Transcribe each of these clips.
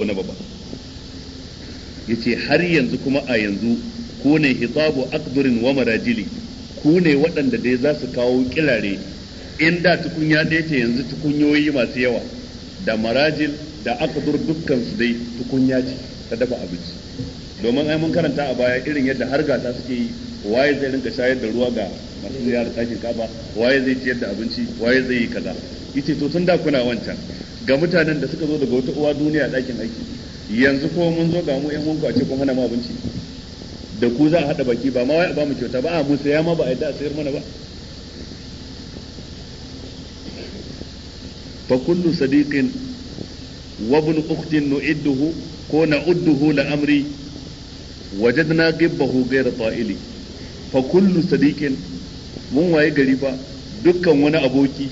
wani babba yace har yanzu kuma a yanzu ku ne hitabu akdurin wa marajili ku ne waɗanda dai za su kawo kilare in da tukunya ɗaya ce yanzu tukunyoyi masu yawa da marajil da akdur dukkan su dai tukunya ce ta dafa abinci domin ai mun karanta a baya irin yadda har gata suke yi waye zai rinka shayar da ruwa ga masu ziyara ɗakin kaba waye zai ciyar da abinci waye zai yi kaza yace to tun da kuna wancan ga mutanen da suka zo daga wata uwa duniya ɗakin aiki yanzu ko mun zo ga mu yan uwanku a ce kun hana mu abinci da ku za a haɗa baki ba ma wai a ba mu kyauta ba a mu saya ma ba a yadda a sayar mana ba fa kullu sadiqin wa ibn ukhtin nu'idduhu ko udduhu la amri wajadna gibbahu ghayra ta'ili fa kullu sadiqin mun waye gari ba dukkan wani aboki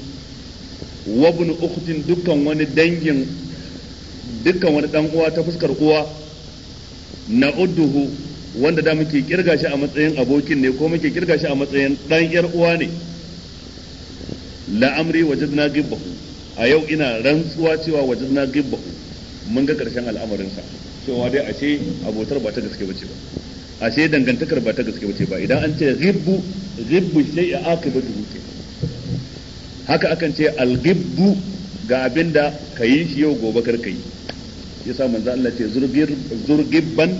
wabin ukhtin dukkan wani dangin dukkan wani dan uwa ta fuskar uwa na udduhu wanda da muke kirga shi a matsayin abokin ne ko muke kirga shi a matsayin dan yar uwa ne la amri wajadna gibbahu a yau ina rantsuwa cewa wajadna gibbahu mun ga karshen al'amarin sa cewa dai ashe abotar ba ta gaske bace ba ashe dangantakar ba ta gaske bace ba idan an ce gibbu gibbu shay'a akibatu ke haka akan ce alghibbu ga abinda ka yi shi yau gobe kar kai yasa manzo Allah ce zurgibban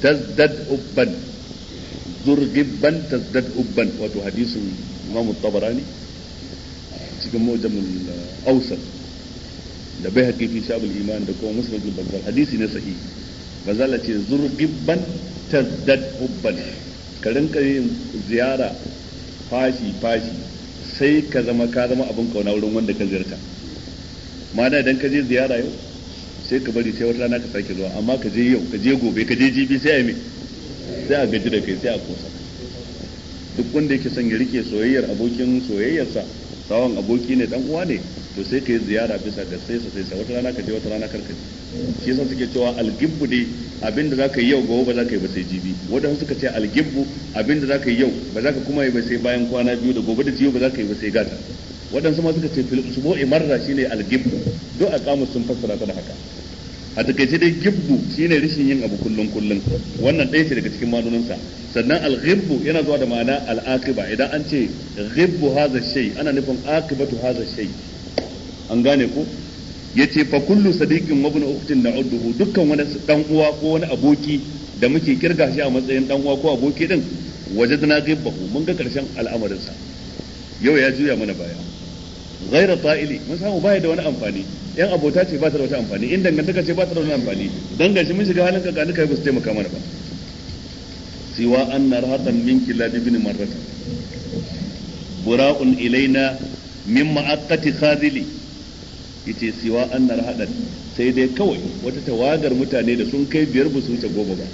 tazdad ubban zurgibban tazdad ubban wato hadisin Imam Tabarani cikin mujamul uh, awsat da bai haƙiƙi shabul iman da kuma musnad al hadisi ne sahi manzo Allah ce zurgibban tazdad ubban ka rinka yin ziyara fashi fashi sai ka zama ka zama abin kauna wurin wanda ka ziyarta ma'ana idan ka je ziyara yau sai ka bari sai wata rana ka sake zuwa amma ka je yau ka je gobe ka je jibi sai a yi sai a gaji da kai sai a kosa duk wanda yake son ya rike soyayyar abokin soyayyarsa sawan aboki ne dan uwa ne to sai ka yi ziyara bisa ga sai sai sai wata rana ka je wata rana kar ka shi yasa suke cewa algibbu ne abinda zaka yi yau gobe ba zaka yi ba sai jibi wadanda suka ce algibbu abinda zaka yi yau ba zaka kuma yi ba sai bayan kwana biyu da gobe da jiyo ba zaka yi ba sai gata wadansu ma suka ce fil usbu'i marra shine algibbu do a kamus sun fassara ta da haka a takaice dai gibbu shine rishin yin abu kullun kullun wannan ɗaya ce daga cikin ma'anoninsa sannan al-ghibbu yana zuwa da ma'ana al-aqiba idan an ce ghibbu haza shay ana nufin aqibatu haza shay an gane ko ya ce fa kullu sadiqin wa ibn ukhtin na'udduhu dukkan wani dan uwa ko wani aboki da muke kirga shi a matsayin dan uwa ko aboki din wajadna ghibbahu mun ga karshen al'amarin sa yau ya juya mana baya ghaira ta'ili mun samu baya da wani amfani yan abota ce ba ta da wata amfani in dangantaka ce ba ta da wani amfani dan gashi mun shiga halin kakanin kai ba su taimaka mana ba siwa an narhatan min kilabi bin marrata bura'un ilaina min aqati khadili yace siwa annar hadan sai dai kawai wata tawagar mutane da sun kai biyar su wuce goma ba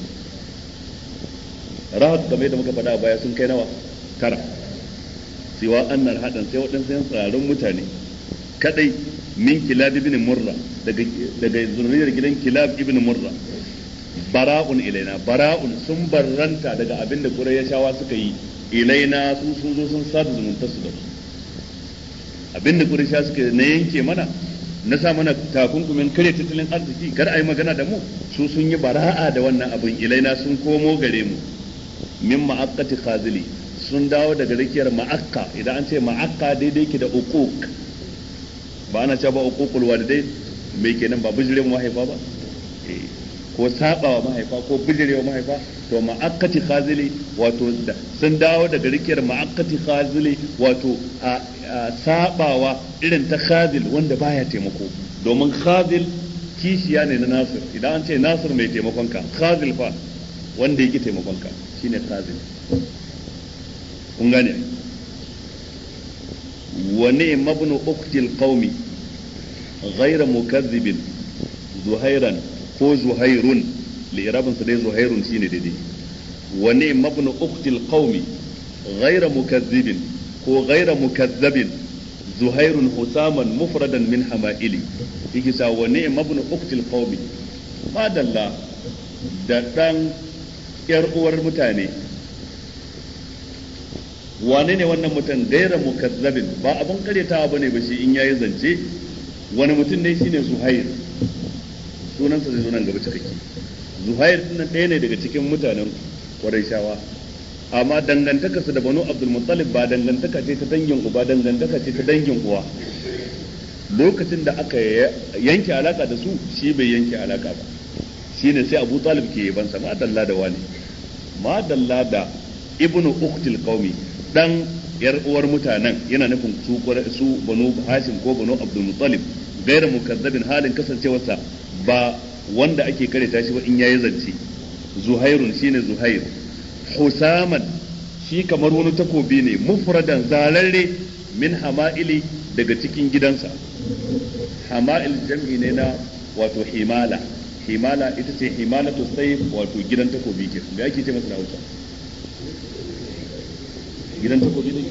rahab game da muka faɗa baya sun kai nawa tara siwa annar hadan sai waɗansu yan tsararrun mutane kadai min kilab ibn murra daga daga zuriyar gidan kilab ibn murra bara'un ilaina bara'un sun barranta daga abin da qurayshawa suka yi ilaina sun sun zo sun sadu zumunta su da abin da qurayshawa suka na yanke mana na sa mana takunkumin kare tattalin arziki kar a yi magana da mu su sun yi bara'a da wannan abin ilaina sun komo gare mu min ma'akkati khazili sun dawo daga rikiyar ma'akka idan an ce ma'akka daidai ke da uquq ba ana cewa ba uququl dai me kenan ba bijirin mahaifa ba eh. ko sabawa mahaifa ko bijirewa mahaifa to ma'akkati khazili wato sun dawo daga rikiyar ma'akkati khazili wato a sabawa irin ta khazil wanda baya taimako domin khazil kishiya ne na nasir idan an ce nasir mai taimakonka khazil fa wanda yake taimakonka shine khazil kun gane wa ni'ma ibn uqtil qaumi ghayra mukazzibin zuhairan ko zuhairun li'irabin su dai zuhairun shine daidai wa ne mabnu uqtil qaumi ghayra mukazzibin ko ghayra mukazzabin zuhairun husaman mufradan min hama'ili yake sa wa ne mabnu uqtil qaumi madalla da dan yar uwar mutane wane ne wannan mutum gaira mukazzabin ba abin karyatawa bane ba shi in yayi zance wani mutum ne shine suhair sunansa zai zo nan gaba cikakke zuhair din nan ɗaya ne daga cikin mutanen quraishawa amma dangantaka su da banu abdul muttalib ba dangantaka ce ta dangin uba dangantaka ce ta dangin uwa lokacin da aka yanke alaka da su shi bai yanke alaka ba shine sai abu talib ke sa, ma dalla da wani ma dalla da ibnu uktil qaumi dan yar uwar mutanen yana nufin su banu hashim ko banu abdul muttalib gairu mukazzabin halin kasancewarsa ba wanda ake karanta shi ba in yayi zance zuhairun shine zuhair husaman shi kamar wani takobi ne mufradan zalalle min hama'ili daga cikin gidansa hama'il jam'i ne na wato himala himala ita ce himala to sai wato gidan takobi ke me ake ce masa da hausa gidan takobi ne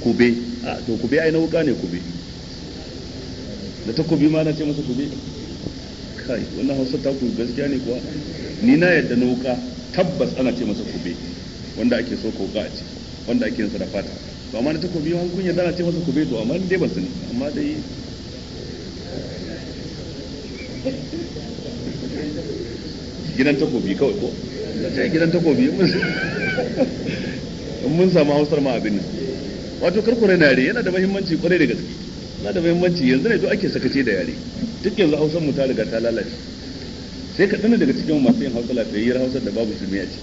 kube a ah, to kube ai nauka wuka ne kube da takobi ma na ce masa kube kai wannan hausa ta ku gaskiya ne kuwa ni na yadda na wuka tabbas ana ce masa kube wanda ake so kauka a ce wanda ake yin da fata to amma na ta yawan wani yadda ana ce masa kube to amma dai ba sani amma dai gidan ta takobi kawai ko eh, Gidan ta takobi mun samu hausar ma abin nan wato karkure na yare yana da mahimmanci kwarai da gaske na da muhimmanci yanzu ne to ake sakace da yare duk yanzu hausar mu ta riga ta lalace sai ka tsana daga cikin masu yin hausa lafiyayyar hausar da babu su miyaci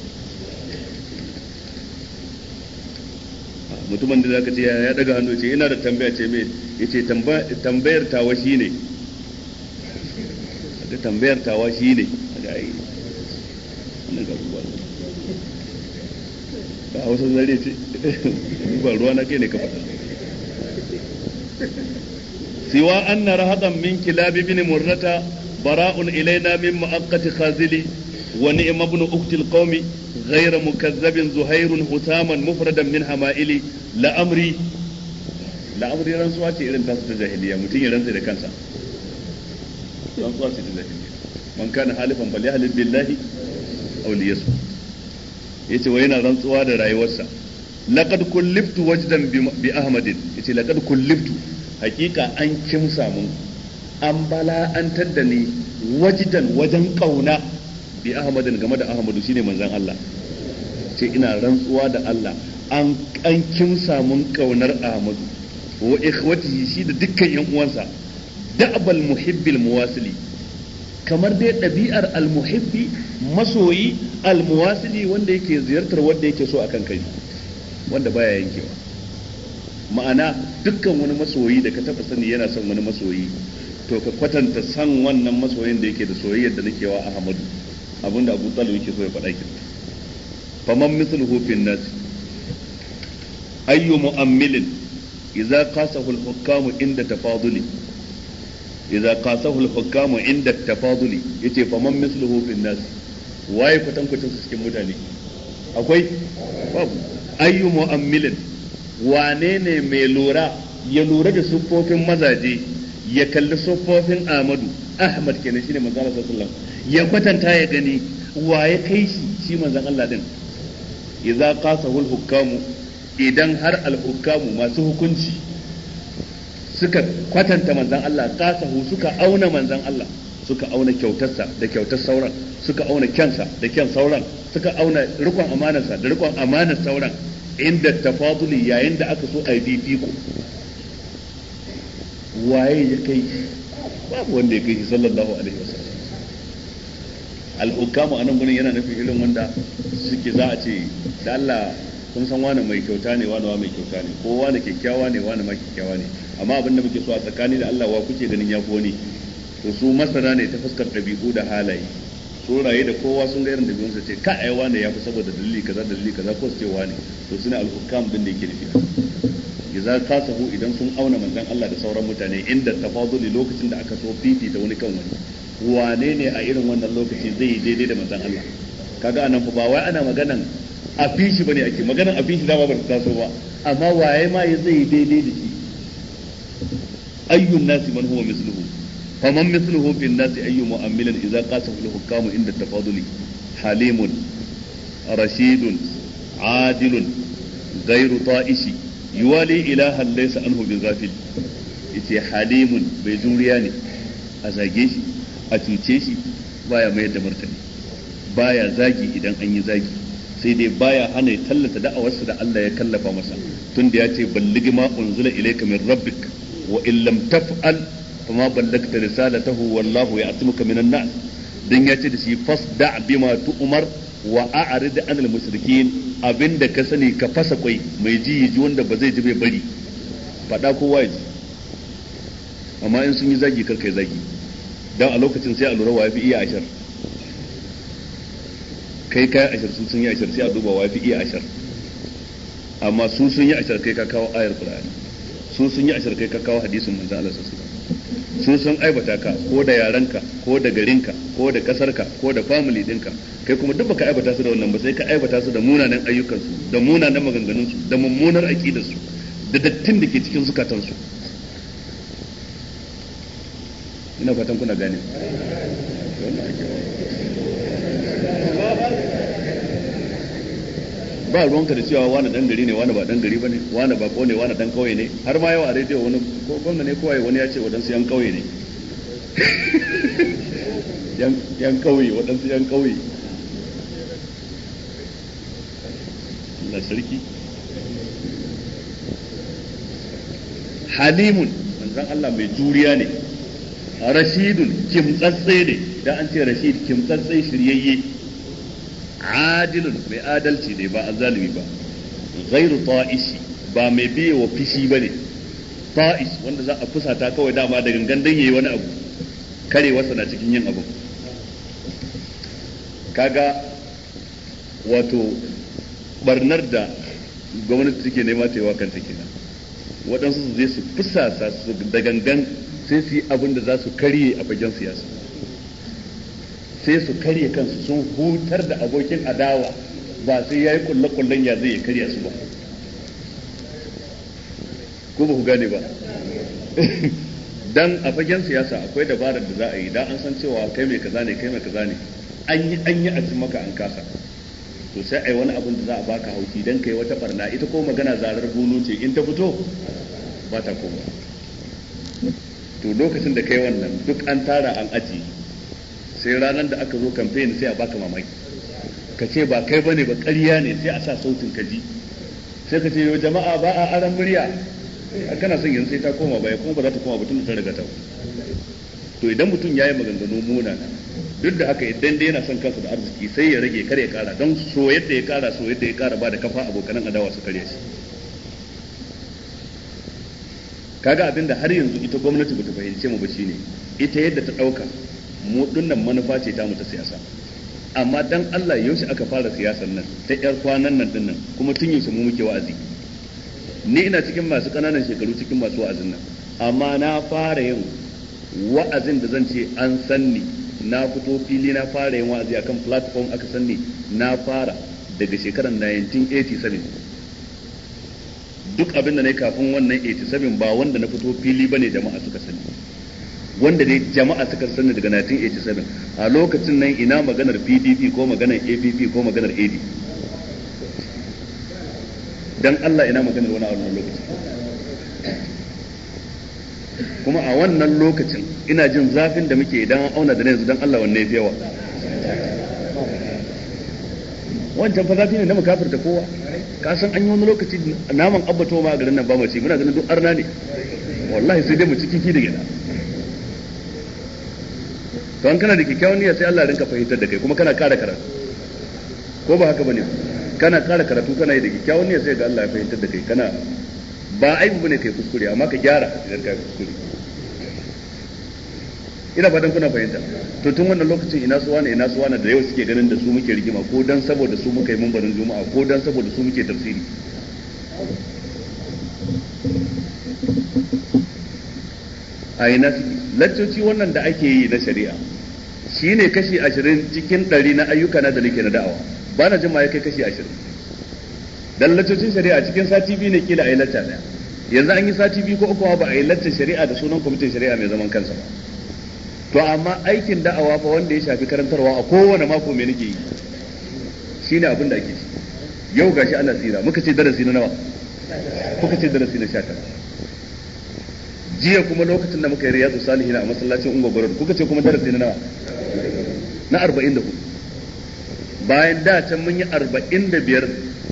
mutumin da zaka ce ya daga hannu ce ina da tambaya ce ya ce tambayar tawa ne da tambayar tawa shine ga yi wannan ga ruwa ba zare ce ba ruwa na kai ne ka fata siwa anna rahadan min kilab ibn murrata bara'un ilaina min mu'aqqati khazili wa ni'am ibn ukti alqawmi ghayra mukazzabin zuhairun husaman mufradan min hama'ili la amri la rantsuwa ce irin tasu ta jahiliya mutum ya rantsa da kansa rantsuwa ce ta jahiliya man kana yana rantsuwa da rayuwarsa laqad kulliftu wajdan bi ahmadin yace laqad kulliftu hakika an kimsa mun an bala'antar da ni wajdan wajen kauna bi ahmadin game da ahmadu shine manzan Allah ce ina rantsuwa da Allah an an kimsa mun kaunar ahmadu wa ikhwatihi shi da dukkan yan uwansa da'bal muhibbil muwasili kamar dai ɗabi'ar al-muhibbi masoyi al-muwasili wanda yake ziyartar wanda yake so akan kai wanda baya yankewa ma'ana dukkan wani masoyi da ka taba sani yana son wani masoyi to ka kwatanta san wannan masoyin da yake da soyayyar da nake wa Ahmadu abinda Abu Talib yake so ya faɗa ki faman mithluhu fin nas ayyu mu'ammilin idza qasahu al-hukamu inda tafaduli idza qasahu al-hukamu inda tafaduli yace faman mithluhu fin nas waye kwatankwacin su cikin mutane akwai babu ayyu mu'ammilin wane ne mai lura ya lura da siffofin mazaje ya kalli siffofin Ahmadu Ahmad kenan shine shi Allah sallallahu alaihi ya kwatanta ya gani wa ya kai shi shi manzon Allah din idza qasahul hukamu idan har al masu hukunci suka kwatanta manzon Allah qasahu suka auna manzon Allah suka auna kyautarsa da kyautar sauran suka auna kyansa da kyan sauran suka auna rikon amanarsa da rikon amanar sauran inda tafaduli yayin da aka so a fifiko waye ya kai babu wanda ya kai shi sallallahu alaihi wasallam al-hukamu anan gurin yana nufin irin wanda suke za a ce da Allah kun san wani mai kyauta ne wani wa mai kyauta ne ko wani kyakkyawa ne wani ma kyakkyawa ne amma abin da muke so a tsakani da Allah wa kuke ganin ya ne to su masana ne ta fuskar ɗabi'u da halaye goraye da kowa sun ga irin da biyunsa ce ka ai ne ya fi saboda dalili kaza dalili kaza ko su ce wane to suna al-hukam din da yake nufi ta sahu idan sun auna manzon Allah da sauran mutane inda ne lokacin da aka so da wani kan wani wane ne a irin wannan lokaci zai yi daidai da manzon Allah kaga anan fa ba wai ana maganan a fishi shi bane ake maganan a fishi shi dama ba taso ba amma waye ma ya zai yi daidai da shi ayyun nasi man huwa misluhu faman mithluhu fil nasi ayyu mu'ammilin idza qasahu al hukamu inda tafaduli halimun rashidun adilun ghairu ta'ishi yuwali ilahan laysa anhu bi ghafil yace halimun bai juriya ne a zage shi a cuce shi mayar da martani zagi idan anyi zagi sai dai baya hana ya tallata da'awarsa da Allah ya kallafa masa tunda ya ce balligi ma unzila ilayka min rabbik wa illam taf'al kuma ballagta risalatahu wallahu ya'simuka minan nas dan yace da shi fasda bima tu'mar wa a'rid anil mushrikin abinda ka sani ka fasa kwai mai ji wanda ba zai ji bai bari fada kowa ya amma in sun yi zagi kar kai zagi dan a lokacin sai a lura wa fi iya ashar kai kai ashar su sun yi ashar sai a duba wa fi iya ashar amma su sun yi ashar kai ka kawo ayar qur'ani sun yi ashar kai ka kawo hadisin manzo Allah sun san aibata ka ko da ka ko da garinka ko da kasarka ko da family dinka kai kuma duk baka aibata su da wannan ba sai ka aibata su da munanan ayyukansu da munanan maganganunsu da mummunar aqidarsu da dattin da ke cikin zukatansu ina fatan kuna gane ba ruwanka da cewa wani dan gari ne wani ba dan gari bane wani ba ne wani dan kauye ne har ma yau a rediyo wani ko gwamna ne kawai wani ya ce wadansu yan kauye ne yan kauye wadansu yan kauye na sarki halimun wanzan Allah mai juriya ne rashidun kimtsatse ne da an ce rashid kimtsatse shiryayye adilun mai adalci ne ba azalimi ba ghairu ta'ishi ba mai biye wa fishi bane ta'ish wanda za a fusata kawai dama da gangan dan yayi wani abu karewarsa na cikin yin abu kaga wato barnar da gwamnati take nema ta yi wa kanta kenan waɗansu su je su fusasa su da gangan sai su yi abin da za su karye a fagen siyasa sai su karya kansu sun hutar da abokin adawa ba sai ya yi kulle ya zai karya su ba ko ba ku gane ba dan a fagen siyasa akwai dabarar da za a yi da an san cewa kai mai kaza ne kai mai kaza ne an yi an yi a cin maka an kasa to sai ai wani abin da za a baka hauki dan kai wata barna ita ko magana zarar gono ce in ta fito ba ta koma to lokacin da kai wannan duk an tara an ajiye sai ranar da aka zo kamfen sai a baka mamaki ka ce ba kai bane ba ƙarya ne sai a sa sautin ka ji sai ka ce yau jama'a ba a aran murya eh, kana son yanzu sai ta koma baya kuma ba za ta koma ba tun da ta riga ta to idan mutum ya yi maganganu munana duk da haka idan dai yana son kansa da arziki sai ya rage kar ya kara don so yadda ya kara so yadda ya kara ba da kafa abokanan adawa su kare shi kaga abin da har yanzu ita gwamnati bata fahimce mu ba shine ita yadda ta dauka mu dinnan manufa ce ta mu ta siyasa amma dan Allah yaushe aka fara siyasar nan ta yar kwanan nan dinnan kuma tun yaushe mu muke wa'azi ni ina cikin masu kananan shekaru cikin masu wa'azin nan amma na fara yin wa'azin da zan ce an sanni na fito fili na fara yin wa'azi akan platform aka sanni na fara daga shekarar 1987 duk abin da na kafin wannan 87 ba wanda na fito fili bane jama'a suka sani wanda dai jama'a suka sani daga 1987 a lokacin nan ina maganar PDP ko maganar APP ko maganar AD dan Allah ina maganar wani a wannan lokacin kuma a wannan lokacin ina jin zafin da muke idan auna da yanzu dan Allah wanne yafi yawa wancan fa zafi ne na mukafirta kowa ka san an yi wani lokaci naman abba ma a garin nan ba mace muna ganin duk arna ne wallahi sai dai mu ciki ki da gida to an kana da kyakkyawan niyya sai Allah rinka fahimtar da kai kuma kana kara karatu ko ba haka bane kana kara karatu kana yi da kyakkyawan niyya sai ga Allah ya fahimtar da kai kana ba aibu bane kai kuskure amma ka gyara idan ka kuskure ina fatan kuna fahimta to tun wannan lokacin ina suwa ne ina suwa ne da yau suke ganin da su muke rigima ko dan saboda su muka yi mumbarin juma'a ko dan saboda su muke tafsiri a ina laccoci wannan da ake yi na shari'a shine kashi ashirin cikin ɗari na ayyuka na da nake na da'awa ba na jima ya kai kashi ashirin don laccocin shari'a cikin sati biyu ne kila a yi lacca ɗaya yanzu an yi sati biyu ko uku ba a yi lacca shari'a da sunan kwamitin shari'a mai zaman kansa ba to amma aikin da'awa fa wanda ya shafi karantarwa a kowane mako mai nake yi shine abin da ake shi yau gashi ana tsira muka ce darasi na nawa kuka ce darasi na sha tara jiya kuma lokacin da muka yi riyadu na a masallacin ungwagwaro kuka ce kuma darasi na nawa na arba'in da hudu bayan da can mun yi arba'in da biyar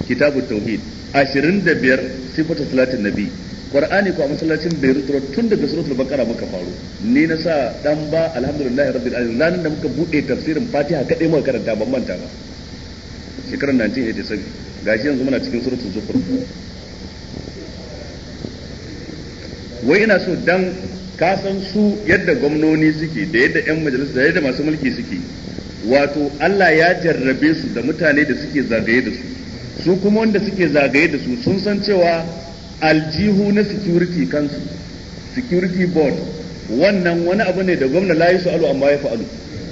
kitabun tauhid ashirin da biyar sifatu salatin nabi qur'ani ko a masallacin beirut road tun daga suratul baqara muka faru ni na sa dan ba alhamdulillah rabbil alamin nan da muka bude tafsirin fatiha kadai muka karanta ban manta ba shekarar 1987 gashi yanzu muna cikin suratul zukhruf wai ina so dan ka san su yadda gwamnoni suke da yadda yan majalisa da yadda masu mulki suke wato Allah ya jarrabe su da mutane da suke zagaye da su su kuma wanda suke zagaye da su sun san cewa aljihu na security kansu security board wannan wani abu ne da gwamna layi su alu amma ya fa'alu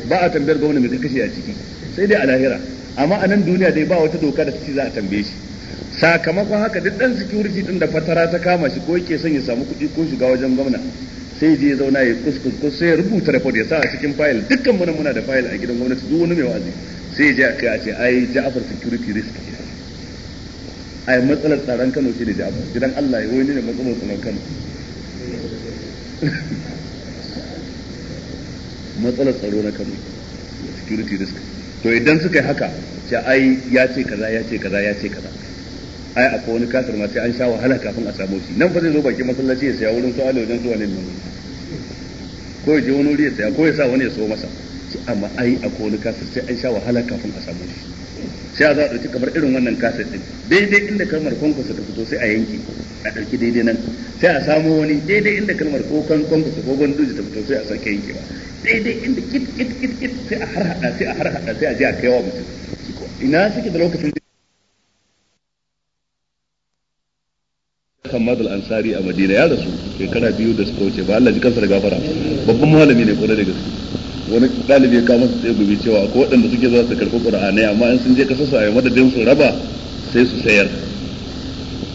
ba a tambayar gwamna mai kashe a ciki sai dai a lahira amma a nan duniya dai ba wata doka da suke za a tambaye shi sakamakon haka duk dan security din da fatara ta kama shi ko yake son ya samu kuɗi ko shiga wajen gwamna sai je zauna ya kuskus ko sai ya rubuta report ya sa a cikin file dukkan mu muna da file a gidan gwamnati duk wani mai wazi sai ya je a kai a ce ai Ja'far security risk ai matsalar tsaron Kano shi ne Ja'far gidan Allah ya wani ne matsalar tsaron Kano matsalar tsaro na Kano security risk to idan suka yi haka ce ai ya ce kaza ya ce kaza ya ce kaza ai akwai wani kasar ma sai an sha wahala kafin a samu shi nan fa zai zo bakin masallaci ya saya wurin su wajen zuwa nan ko ya je wani wuri ya saya ko ya sa wani ya so masa amma ai akwai wani kasar sai an sha wahala kafin a samu shi sai a za a ɗauki kamar irin wannan kasar ɗin daidai inda kalmar kwankwasa ta fito sai a yanke a ɗauki daidai nan sai a samo wani daidai inda kalmar ko kan kwankwasa ko gwanduji ta fito sai a sake yanke ba daidai inda kit kit kit kit sai a harhaɗa sai a harhaɗa sai a je a kai wa mutum ina suke da lokacin Hamad al-Ansari a Madina ya rasu shekara biyu da suka wuce ba Allah ji kansa da gafara babban malami ne kwarai da gaske wani dalibi ya kama sai gobe cewa ko waɗanda suke zuwa su karɓi qur'ani amma in sun je kasar su a madadin su raba sai su sayar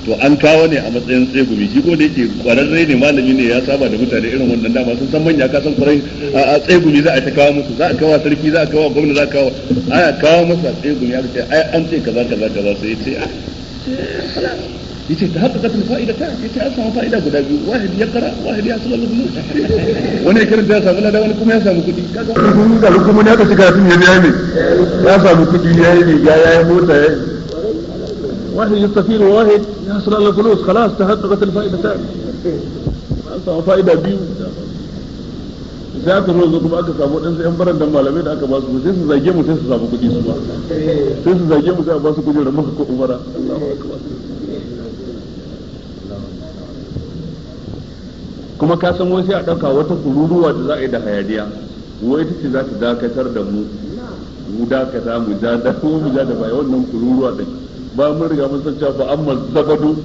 to an kawo ne a matsayin tsegumi shi ko da yake kwararre ne malami ne ya saba da mutane irin wannan dama sun san manya ka san kwarai a tsegumi za a ta kawo musu za a kawo sarki za a kawo gwamnati za a kawo a kawo masa tsegumi ya ce ai an ce kaza kaza kaza sai ce ah. يتهبط الفائدة تام يتأسى فائدة ولا واحد يقرأ واحد يحصل له فلوس وانا يكرم جاسا فلا دا وانكم يا سامو كدي كذا لكم من يقصي كاسم يبياني يا سامو كدي يا يا يا موتا يا واحد يستفيد واحد يحصل له فلوس خلاص تهبط الفائدة تام أسى فائدة بيو zaka ruwan zuwa aka samu ɗansu ‘yan baran don malamai da aka basu sai su zage mu sai su samu kuɗi su ba sai su zage mu sai a basu kuɗi da muka ko umara Allah ba ka basu kuma ka san wani sai a ɗauka wata kururuwa da za a yi da hayaniya wai ita ce za ta dakatar da mu mu dakata mu ja da ko mu ja da baya wannan kururuwa da ba mun riga mun san cewa fa amma zabadu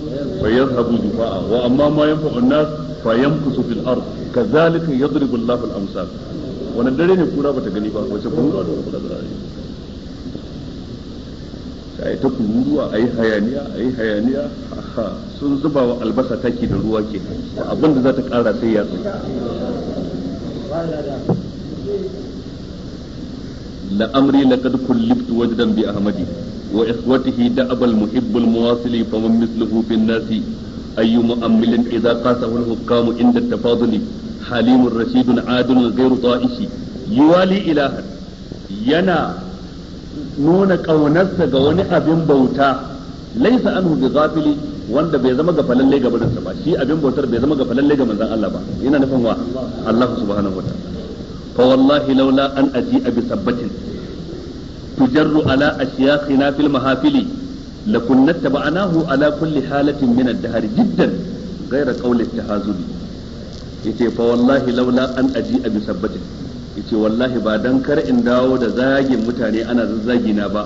fa yazhabu dufa'a wa amma ma yanfa'u nas fa yanfusu fil ard kazalika yadribu Allahu al amsal wannan dare ne kura bata gani ba wace kururuwa da kula da sai ta kururuwa ai hayaniya ai hayaniya sun zuba wa albasa taki da ruwa ke abin da za ta kara sai ya la amri laqad kulliftu wajdan bi ahmadi wa ikhwatihi da'bal muhibbul muwasili fa man mithluhu nasi ayyu mu'ammilin idza qasahu al-hukam inda tafadul halim ar-rashid adul ta'ishi yuwali ilahan yana nuna kaunarsa ga wani abin bauta laisa anhu bi ghafili wanda bai zama ga falalle ga barinsa ba shi abin bautar bai zama ga falalle ga manzon Allah ba yana nufin wa Allah subhanahu wa ta'ala fa wallahi laula an aji'a bi sabbatin tujarru ala ashyakhina fil mahafili lakunna taba'nahu ala kulli halatin min ad-dahr jiddan ghayra qawli at-tahazubi yace fa wallahi laula an aji'a bi sabbatin yace wallahi ba dan kar in dawo da zagin mutane ana zazzagi na ba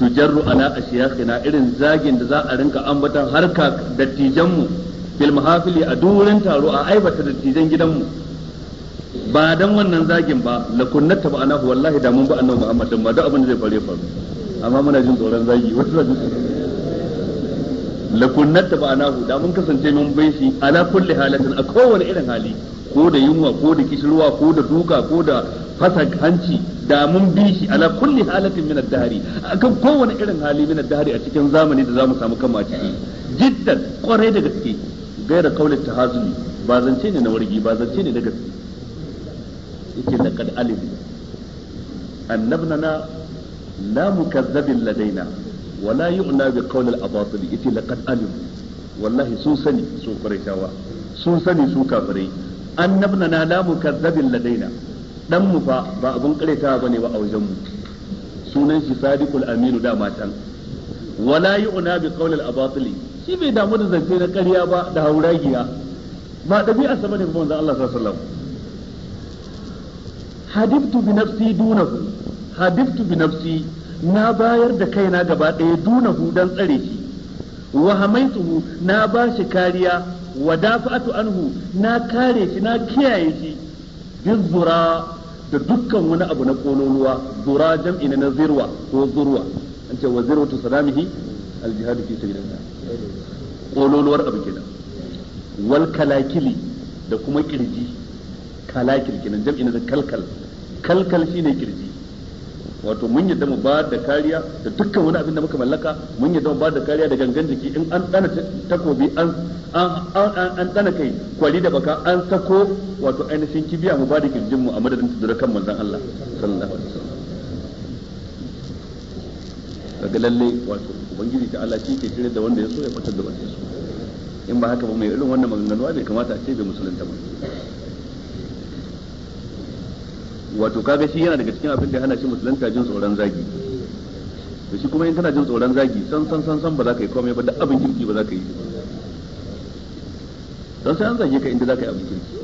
tujarru ala ashiyakhina irin zagin da za a rinka ambatan harka mu fil mahafili a durin taro a aibata dattijan gidanmu ba dan wannan zagin ba la kunnata ba anahu wallahi da mun ba annabi Muhammad ba duk abin da zai fare faru amma muna jin tsoron zagi wasu zagi la kunnata ba anahu da mun kasance mun bai shi ala kulli halatin a kowane irin hali ko da yunwa ko da kishirwa ko da duka ko da fasa hanci da mun bi shi ala kulli halatin min ad-dahri akan kowane irin hali min ad-dahri a cikin zamani da zamu samu kanmu a ciki jiddan kwarai da gaske gaira kaulin tahazuli ba zance ne na wargi ba zance ne na gaske yake laqad alim annabnana la mukazzabin ladaina wala yu'na bi qawli al-abatil yake laqad alim wallahi sun sani su quraishawa sun sani su kafirai annabna na la mukazzabin ladaina dan mu fa ba abun karetawa bane ba a wajen mu sunan shi sadiqul aminu da matan wala yu'na bi al abatili shi bai damu da zance na ƙarya ba da hauragiya ba dabi'a sa bane ba Allah sallallahu alaihi hadibtu bi nafsi dunahu hadibtu bi nafsi na bayar da kaina gaba ɗaya dunahu dan tsare shi wa hamaituhu na ba shi kariya wa dafa'atu anhu na kare shi na kiyaye shi bizura da dukkan wani abu na kololuwa zura jam'i na zirwa ko zurwa an ce wa zirwatu salamihi al jihadu fi sabilillah kololuwar abu kenan wal kalakili da kuma kirji kalakil kenan jam'i na kalkal kalkal shi ne kirji wato mun yadda mu ba da kariya da dukkan wani abin da muka mallaka mun yadda mu ba da kariya da gangan jiki in an dana takobi an an an dana kai kwali da baka an sako wato ainihin kibiya mu ba da kirjin mu a madadin tudura kan manzon Allah sallallahu alaihi wasallam kaga lalle wato ubangiji ta Allah shi ke cire da wanda ya so ya fatar da wanda ya so in ba haka ba mai irin wannan maganganuwa bai kamata a ce bai musulunta ba wato kaga shi yana daga cikin abin da hana shi musulunta jin tsoron zagi da shi kuma in kana jin tsoron zagi san san san san ba za ka yi komai ba da abin kirki ba za ka yi don sai an zage ka inda za ka yi abin kirki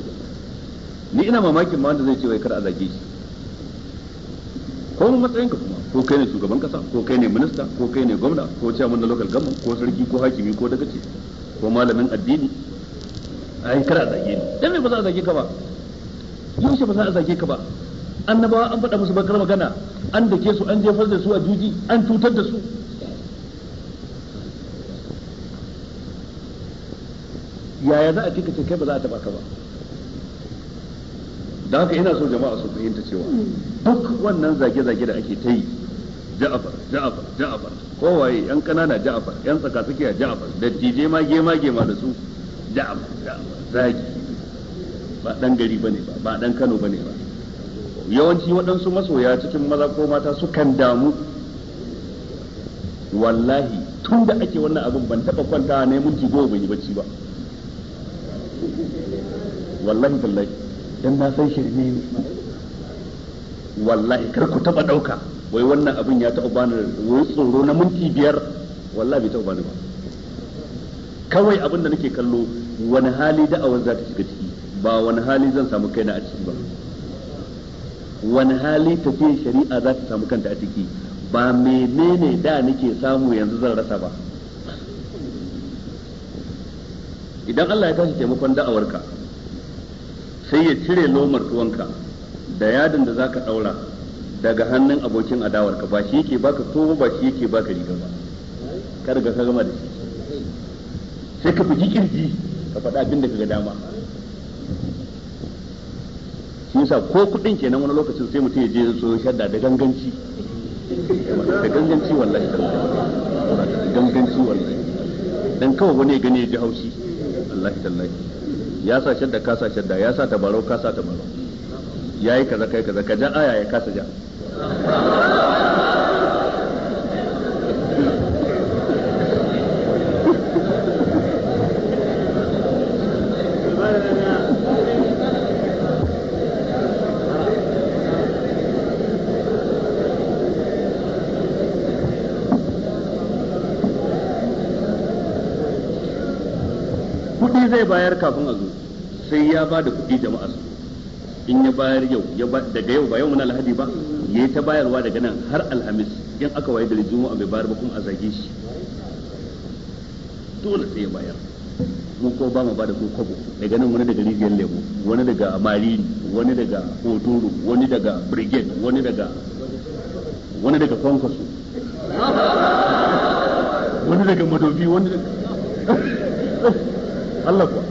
ni ina mamakin ma wanda zai ce wai kar a zage shi ko mu matsayin ka kuma ko kai ne shugaban kasa ko kai ne minista ko kai ne gwamna ko chairman na local government ko sarki ko hakimi ko dagaci ko malamin addini ai kar a zage ni dan me ba za a zage ka ba yaushe ba za a zage ka ba annabawa an faɗa musu bakar magana an dake su an jefar da su a juji an cutar da su yaya za a ce kai ba za a taba ka ba da haka ina so jama'a su fahimta cewa duk wannan zage-zage da ake ta yi ja'afar ja'afar ja'afar kowaye yan kanana ja'afar yan tsaka tsakiya ja'afar da dije ma gema gema da su ja'afar ja'afar zagi ba dan gari bane ba ba dan Kano bane ba yawanci waɗansu masoya cikin maza ko mata sukan damu wallahi tun da ake wannan abin ban taɓa kwanta na minti goma bai yi bacci ba wallahi wallahi dan na san shirme ne wallahi kar ku taɓa ɗauka wai wannan abin ya taɓa bani wai tsoro na minti biyar wallahi bai taɓa bani ba kawai abin da nake kallo wani hali da'awar za ta shiga ciki ba wani hali zan samu kaina a ciki ba wani hali tafiye shari'a za ta samu kanta a ciki ba menene da nake samu yanzu zan rasa ba idan Allah ya tashi taimakon da'awarka sai ya cire lomar tuwanka da yadin da za ka daura daga hannun abokin adawarka ba shi yake baka tuwo ba shi yake baka riga ba ka riga ka gama da shi sai ka fi kirji ka faɗa abin da ga dama shi yasa ko kudin kenan wani lokacin sai mutum ya je so shadda da ganganci da ganganci wallahi da ganganci wallahi dan kawai wani ya gani ya ji haushi wallahi tallahi ya sa shadda ka sa shadda ya sa tabarau ka sa tabarau yayi kaza kai kaza ka ja aya ya kasa ja wani zai bayar kafin a zo sai ya ba da kuɗi jama'a su in ya bayar yau daga yau ba yau muna alhaji ba ya yi ta bayarwa daga nan har alhamis in aka waye da juma'a bai bayar ba kuma a zage shi dole sai ya bayar mu ko ba mu ba da ko kwabo daga nan wani daga rigiyar lemu wani daga marini wani daga hotoro wani daga brigade wani daga wani daga kwankwaso wani daga madobi wani daga Allah kuwa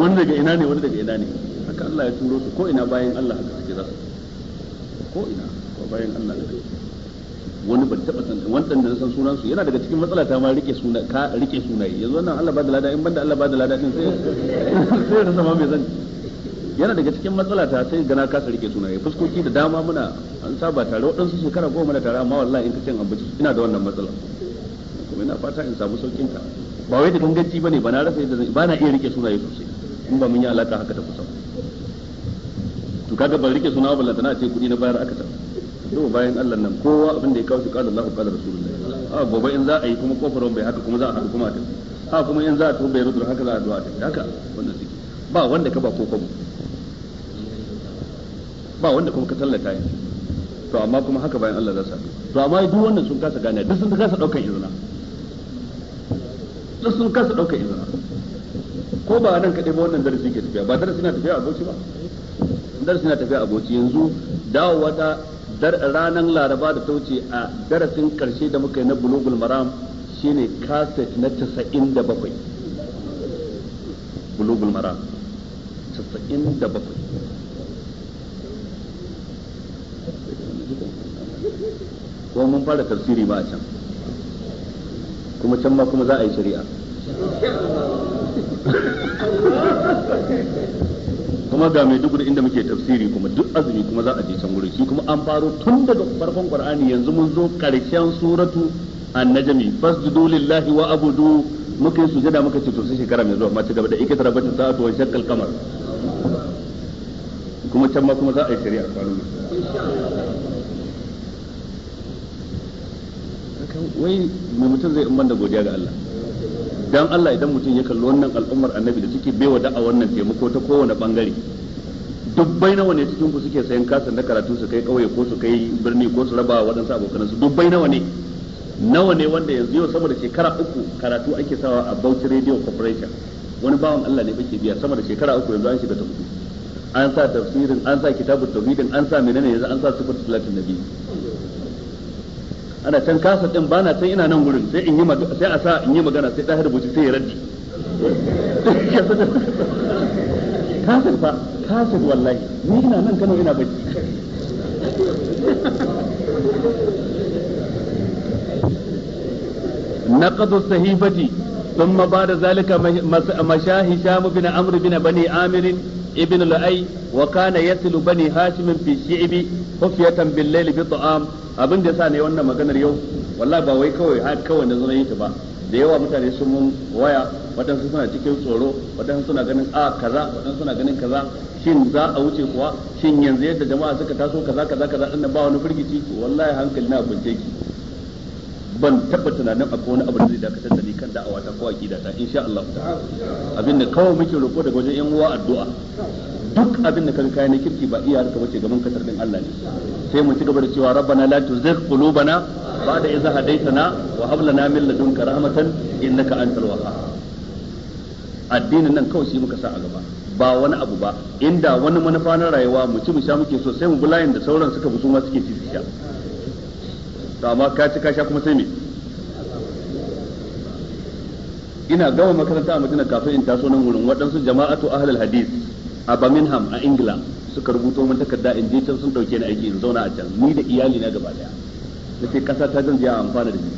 wani daga ina ne wani daga ina ne haka Allah ya turo su ko ina bayan Allah haka suke za su ko ina ko bayan Allah ne wani ban taba san ɗan da san sunan su yana daga cikin matsala ta ma rike suna ka rike sunaye yanzu wannan Allah ba da lada in banda Allah ba da lada din sai sai na sama mai zan yana daga cikin matsala ta sai gana kasa rike sunaye fuskoki da dama muna an saba tare waɗansu shekara goma da tare amma wallahi in ka ce ambaci ina da wannan matsala kuma ina fata in samu saukin ka ba wai da ganganci bane ba na rasa yadda zan ba na iya rike sunaye sosai in ba mun yi alaka haka ta kusa to kaga ban rike suna ballanta na ce kudi na bayar aka ta to bayan Allah nan kowa abin da ya kawo shi qala Allahu qala rasulullahi a gobe in za a yi kuma kofar bai haka kuma za a haɗu kuma a tafi a kuma in za a tuba ya rudur haka za a zuwa a tafi haka wannan ba wanda ka ba ko ba wanda kuma ka tallata yanzu to amma kuma haka bayan Allah za su haɗu to amma duk wannan sun kasa gane duk sun kasa ɗaukar izina duk sun kasa ɗaukar izina ko ba nan kaɗai ba wannan darasi ke tafiya ba darasi na tafiya a goci ba darasi na tafiya a goci yanzu dawowa ta ranar laraba da ta wuce a darasin karshe da muka yi na bulugul maram shine kaset na 97 bulugul maram bakwai. ko mun fara tafsiri ba a can kuma can ma kuma za a yi shari'a kuma ga mai duk inda muke tafsiri kuma duk azumi kuma za a je can gurin shi kuma an faro tun daga farkon qur'ani yanzu mun zo karshen suratu annajmi fasjudu lillahi wa abudu muka yi sujada muka ce to sai shekara mai zuwa ma ci gaba da ike tarabatin sa'atu wa shakkal kamar kuma can ma kuma za a yi shari'a kwanan wai mai mutum zai in da godiya ga Allah dan Allah idan mutum ya kalli wannan al'ummar annabi da suke baiwa da'a wannan taimako ta kowane bangare dubbai nawa ne cikin ku suke sayan kasan na karatu su kai kauye ko su kai birni ko su raba waɗansu abokan su dubbai nawa ne nawa ne wanda yanzu yau sama da shekara uku karatu ake sawa a Bauchi Radio Corporation wani bawan Allah ne bake biya sama da shekara uku yanzu an shiga ta hudu an sa tafsirin an sa kitabun tauhidin an sa menene yanzu an sa sifatu salatin nabi ana can kasa din bana can ina nan gurin sai in yi sai a sa in yi magana sai ɗaya rubuci sai ya raddi kasa fa kasa wallahi ni ina nan Kano ina bacci نقض الصحيفة ثم بعد ذلك مشى Shamu بن عمرو بن بني عامر ابن لؤي wa kana بني هاشم في fi shi'bi بالليل بطعام layl bi ta'am abin da yasa ne wannan maganar yau wallahi ba wai kawai har kawai nan yi ta ba da yawa mutane sun mun waya waɗansu suna cikin tsoro waɗansu suna ganin a kaza waɗansu suna ganin kaza shin za a wuce kuwa shin yanzu yadda jama'a suka taso kaza kaza kaza din ba wani firgici wallahi hankali na bunce ki ban taba tunanin akwai wani abu da zai dakatar da ni kan da'awa ta ko aqida ta insha Allah abin da kawai muke roƙo daga wajen yan uwa addu'a duk abin da kan kai na kirki ba iya harka bace gaban kasar din Allah ne sai mu ci gaba da cewa rabbana la tuzigh qulubana ba'da idh hadaytana wa hab lana min ladunka rahmatan innaka antal wahhab addinin nan kawai shi muka sa a gaba ba wani abu ba inda wani manufa na rayuwa mu ci mu sha muke so sai mu bulayin da sauran suka bi su ma suke ci su sha to amma ka ci ka sha kuma sai me ina gama makaranta a Madina kafin in taso nan wurin waɗansu jama'atu ahlul hadith a Birmingham a Ingila suka rubuto min takarda in je can sun dauke ni aiki in zauna a can ni da iyali na gaba daya nace kasa ta zan je a amfana da ni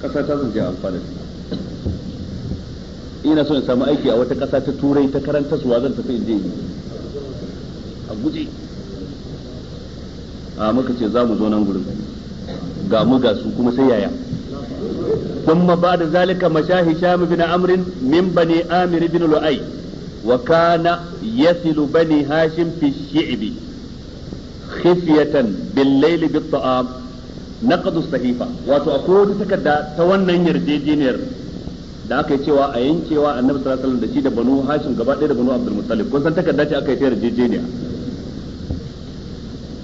kasa ta zan je a amfana da ni ina so in samu aiki a wata kasa ta turai ta karanta suwa zan tafi in je a guje a muka ce za mu zo nan gurin ga mu ga su kuma sai yaya kuma ba da zalika masha hisham bin amrin min bani amir bin lu'ay wa kana yasilu bani hashim fi shi'bi khifyatan bil layl bi ta'am naqdu sahifa wato akwai wata takarda ta wannan yarjejeniyar da aka yi cewa a yankewa annabi sallallahu alaihi wasallam da shi da banu hashim gaba ɗaya da banu abdul muttalib kun san takarda ce aka yi ta yarjejeniya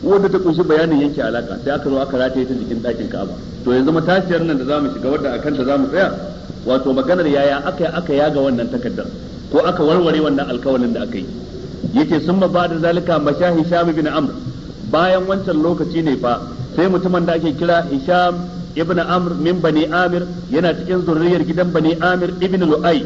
wanda ta kunshi bayanin yanke alaka sai aka zo aka rataye ta jikin ɗakin Ka'aba to yanzu matashiyar nan da za mu shiga wadda akan ta mu tsaya wato maganar yaya aka yi aka yaga wannan takaddar ko aka warware wannan alkawalin da aka yi yake sun ba da zalika mashahi Hisham ibn Amr bayan wancan lokaci ne fa sai mutumin da ake kira Hisham ibn Amr min Bani Amir yana cikin zurriyar gidan Bani Amir ibn Lu'ay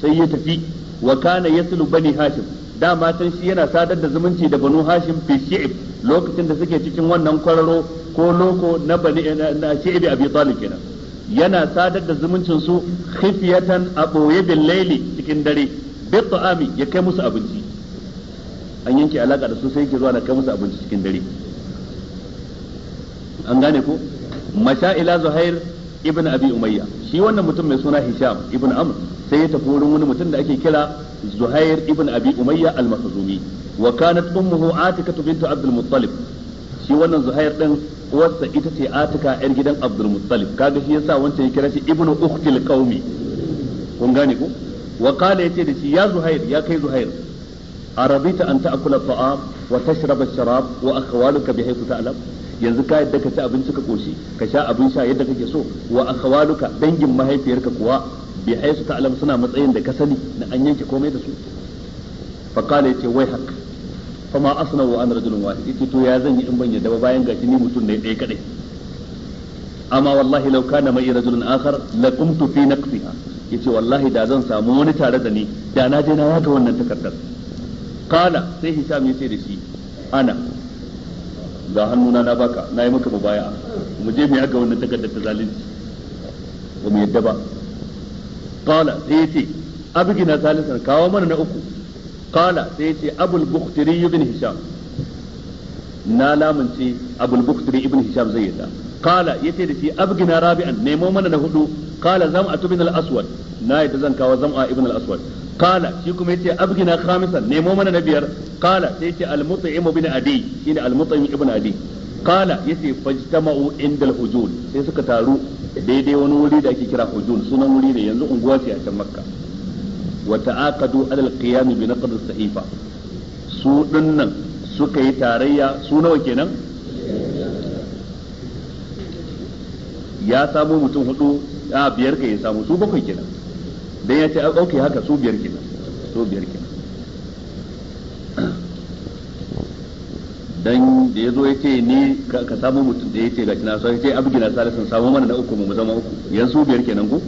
sai ya tafi wa kana yaslu Bani Hashim dama can shi yana sadar da zumunci da Banu Hashim fi Shi'ib lokacin da suke cikin wannan kwararo ko loko na bani na da abi talib kenan yana sadar da zumuncin su khifyatan a boye da laili cikin dare bi ta'ami ya kai musu abinci an yanke alaka da su sai ke zuwa da kai musu abinci cikin dare an gane ko masha'ila zuhair ibn abi umayya shi wannan mutum mai suna hisham ibn amr sai ya tafi wurin wani mutum da ake kira zuhair ibn abi umayya al-makhzumi wa kanat ummuhu atika bint abdul muttalib shi wannan zuhair din uwarsa ita ce atika yar gidan abdul muttalib kaga shi yasa wancan ya kira shi ibn ukhtil qaumi kun gane ko wa qala yace da shi ya zuhair ya kai zuhair arabita an ta'kula ta'am wa tashraba ash-sharab wa akhwaluka bihaythu ta'lam yanzu ka yadda ka ci abinci ka koshi ka sha abin sha yadda kake so wa akhawaluka dangin mahaifiyarka kuwa bi haisu ta'lam suna matsayin da ka sani na an yanke komai da su fa kale yace wai hak fa ma asna wa an rajulun wahid yace to ya zan yi in ban yadda ba bayan gashi ni mutum ne ɗaya kadai amma wallahi law kana mai rajulun akhar laqumtu fi naqsiha yace wallahi da zan samu wani tare da ni da na je na yaga wannan takardar kala sai hisam yace da shi ana ga hannuna na baka na yi maka mubaya mu je mu yaga wannan takardar ta zalunci ba mu yadda ba qala sai yace na salisan kawo mana na uku qala sai yace abul bukhtari ibn hisham na lamunce abul bukhtari ibn hisham zai yadda qala yace da shi abgina rabi'an nemo mana na hudu Kala zam'atu a al-aswad na yadda zan kawo zam'a a al-aswad kala shi kuma yace abgina khamisan nemo mana na biyar kala sai yace al-mut'im bin adi shine al-mut'im ibn adi kala yace fajtama'u inda sai suka taru daidai wani wuri da ake kira hujul sunan wuri ne yanzu unguwa ce a can makka Wata ta'aqadu ala al bi naqd sahifa su dinnan suka yi tarayya su nawa kenan ya samo mutum hudu a biyar ka ya samu su bakwai kenan dan ya ce ah, ok haka su biyar kenan su biyar kenan dan da ya zo ya ce ni ka samu mutum da ya ce gashi na so ya ce abgina salisun samu mana na uku mu zama uku yan su biyar kenan ko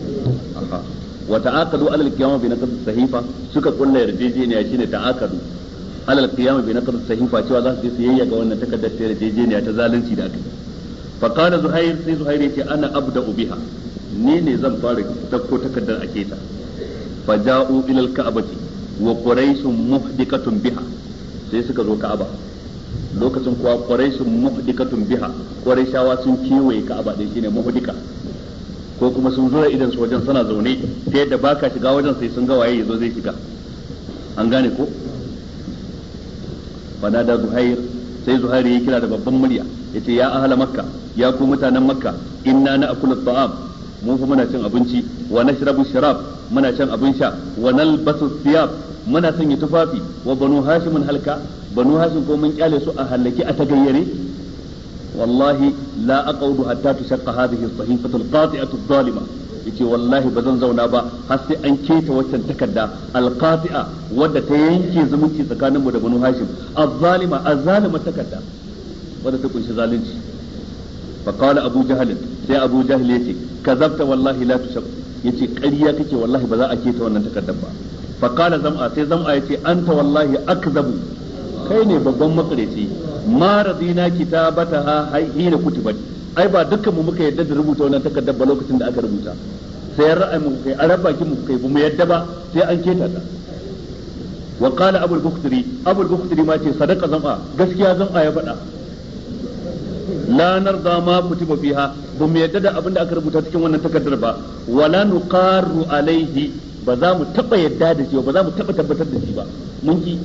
wa ta'aqadu alal qiyam bi naqd sahifa suka kulla yarjejeniya shine ta'aqadu alal qiyam bi naqd sahifa cewa za su je siyayya ga wannan takaddar yarjejeniya ta zalunci da aka fa qala zuhair sai zuhair yace ana abda'u biha ni ne zan fara dakko takardar a keta fa ja'u ilal al-ka'bati wa quraishun muhdikatun biha sai suka zo ka'aba lokacin kuwa quraishun muhdikatun biha quraishawa sun kiwaye ka'aba dai shine muhdika ko kuma sun zo idan su wajen suna zaune ta yadda baka shiga wajen sai sun ga waye yazo zai shiga an gane ko fada da zuhair sai zuhair ya kira da babban murya yace ya ahla makka ya ku mutanen makka inna na akulu ta'am mun kuma muna cin abinci wa nashrabu shirab muna cin abin sha wa nalbasu thiyab muna sanya tufafi wa banu hashimun halka banu hashim ko mun kyale su a halaki a tagayyare wallahi la aqudu hatta tushaqqa hadhihi as-sahifatu al-qati'atu adh-dhalima yace wallahi ba zan zauna ba har sai an keta waccan takarda alqati'a wadda ta yanke zumunci tsakaninmu da banu hashim az-zalima az-zalima takarda wadda ta kunshi zalunci فقال ابو جهل سي ابو جهل يتي كذبت والله لا تشك يتي قريا كتي والله بذا أكيت وأن تكذب فقال زمعة سي زمعة يتي أنت والله أكذب كيني ببن مقريتي ما رضينا كتابتها حين كتبت ai ba dukkan mu muka yadda da rubuta wannan takardar ba lokacin da aka rubuta sai ra'ayi mu kai araba bakin mu kai mu yadda ba sai an keta ta wa qala abul bukhtari abul ma ce sadaqa zam'a gaskiya zam'a ya faɗa Lanar da ma ba fiha ba mu yadda da abin da aka rubuta cikin wannan takardar ba wala nuqaru alaihi ba za mu taba yadda da shi ba za mu taba tabbatar da shi ba mun ki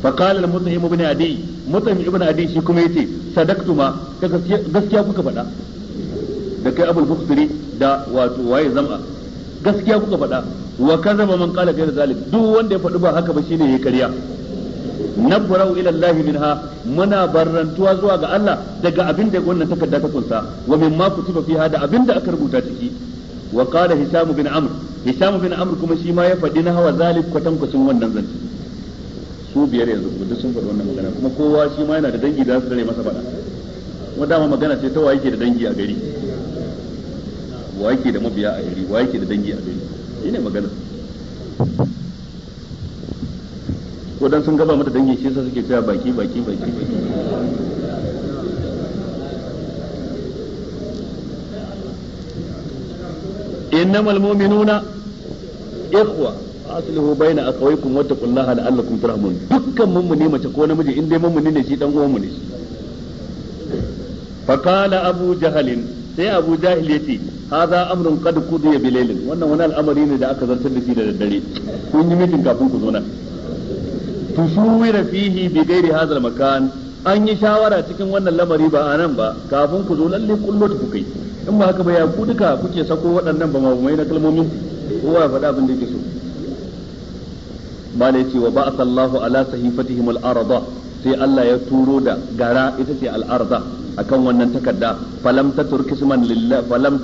fa qala al mutahim ibn adi mutahim ibn adi shi kuma yace ma gaskiya kuka faɗa da kai abul bukhari da wato waye zam'a gaskiya kuka faɗa wa kazaba man qala ghayra zalik duk wanda ya faɗi ba haka ba shine yayi ƙarya nabrau ila Allah minha muna barrantuwa zuwa ga Allah daga abin da wannan takarda ta kunsa wa mimma kutiba fiha da abin da aka rubuta ciki wa qala hisam bin amr hisam bin amr kuma shi ma ya faɗi na hawa zalik kwatan kusun wannan zanci su biyar yanzu duk sun faɗi wannan magana kuma kowa shi ma yana da dangi da su dare masa faɗa kuma dama magana ce ta wa yake da dangi a gari wa yake da mabiya a gari wa yake da dangi a gari shine magana ko sun gaba mata dangi shi yasa suke cewa baki baki baki baki إنما المؤمنون إخوة aslihu baina akawaykum wattaqullaha la'allakum turhamun dukkan mun ne mace ko namiji in dai mun ne shi dan uwan mu ne fa qala abu jahalin sai abu jahil yace hadha amrun qad qudiya bilailin wannan wani al'amari ne da aka zartar da shi da daddare kun yi mitin kafin ku zo nan fusuwira fihi bi gairi hadal an yi shawara cikin wannan lamari ba a nan ba kafin ku zo lalle kullo ta kai in ba haka ba ya ku duka kuke sako waɗannan ba mai na kalmomin kowa ya faɗa abin da yake so mala yace wa ba'atha sallahu ala sahifatihim al-arda sai Allah ya turo da gara ita ce al-arda akan wannan takarda falam taturkisman lillahi falam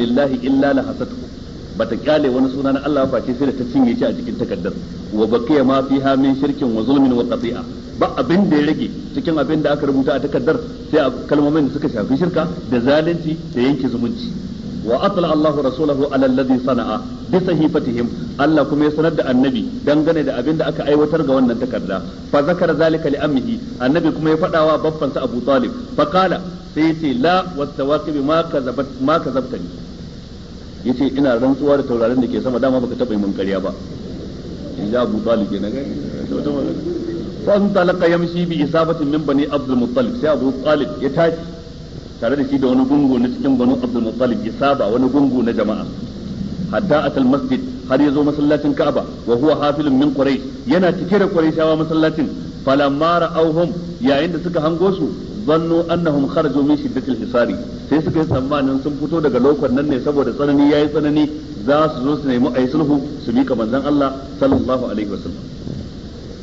lillahi illa lahasatuhu bata kyale wani suna na Allah face sai da ta cinye shi a cikin takaddar wa baqiya ma fiha min shirkin wa zulmin wa qati'a ba abin da ya rage cikin abin da aka rubuta a takaddar sai kalmomin da suka shafi shirka da zalunci da yanke zumunci wa atla Allahu rasulahu ala alladhi sana'a bi sahifatihim Allah kuma ya sanar da annabi dangane da abin da aka aiwatar ga wannan takarda fa zakara zalika li ammihi annabi kuma ya fada wa babban sa Abu Talib fa qala sai yace la wa tawaqib ma kazabat ma kazabtani yace ina rantsuwa da taurarin da ke sama dama baka taba yi mun ƙarya ba ya Abu Talib kenan ga fa sun talaka yamshi bi isabatin min bani Abdul Muttalib sai Abu Talib ya tashi tare da shi da wani gungu na cikin banu Abdul Muttalib isaba wani gungu na jama'a hatta atal masjid har zo masallacin Ka'aba wa huwa hafilun min yana cike da Qurayshawa masallacin falamma ra'awhum yayin da suka hango su zannu annahum kharaju min shiddatil hisari sai suka yi tsammanin sun fito daga lokacin nan ne saboda tsanani yayi tsanani za su zo su nemi ayi sulhu su mika manzon Allah sallallahu alaihi wasallam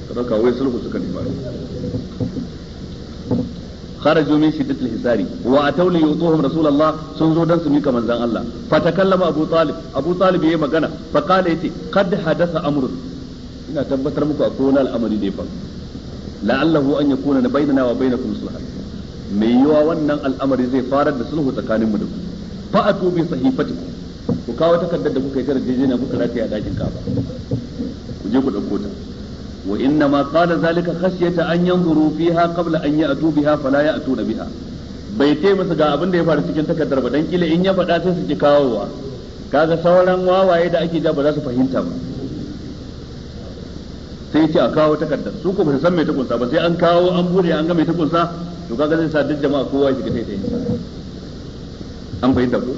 kada ka wai sulhu suka nemi kharaju min shiddatil hisari wa atawli yutuhum rasulullah sun zo dan su mika manzon Allah fa takallama abu talib abu talib yayi magana fa kale yace kad hadatha amrun ina tabbatar muku akwai wani al'amari da ya faru la'allahu an yakuna bainana wa bainakum sulhan mai yiwa wannan al'amari zai farar da sulhu tsakanin mu da ku fa atu bi sahifatikum ku kawo takardar da kuka yi tare jejina kuka rataye a dakin kaba ku je ku dauko ta wa inna ma qala zalika khashyata an yanzuru fiha qabla an ya'tu biha fala ya'tu biha bai ce masa ga abin da ya faru cikin takardar ba dan kila in ya faɗa sai su ki kawowa kaga sauran wawaye da ake ja ba za su fahimta ba sai ce a kawo takarda su ko ba su san mai takunsa ba sai an kawo an bude an ga mai takunsa to kaga zai sa duk jama'a kowa ya shiga sai sai an ku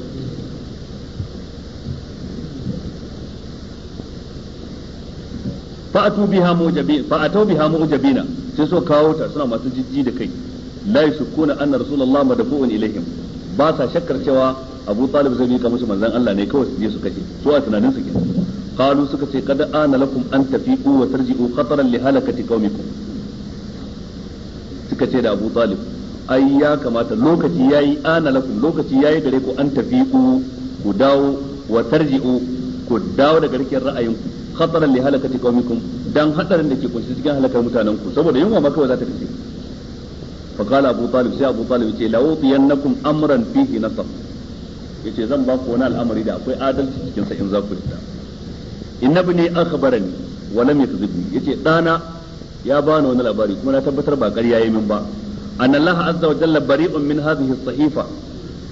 ko atu biha mujabi atu biha mujabina sai so kawo ta suna masu jijji da kai la yashkuna anna rasulullah madfu'un ilaihim ba sa shakkar cewa Abu Talib zai ka musu manzon Allah ne kawai su je su kace su a tunanin su kenan qalu suka ce kada ana lakum an tafiqu wa tarji'u khataran li halakati qaumikum suka ce da Abu Talib ai ya kamata lokaci yayi ana lakum lokaci yayi gare ku an tafiqu ku dawo wa tarji'u ku dawo daga rikin ra'ayinku khataran li halakati qaumikum dan hadarin da ke kunshi cikin halakar mutanen ku saboda yunwa ma kawai za ta kace fa qala abu talib sai abu talib yace zan ba ku wani al'amari da akwai adalci cikin in za ku da Inna innabni akhbarani wa lam yakzibni yace dana ya bani wani labari kuma na tabbatar ba ƙarya yayi min ba anallaha azza wa jalla bari'un min hadhihi as-sahifa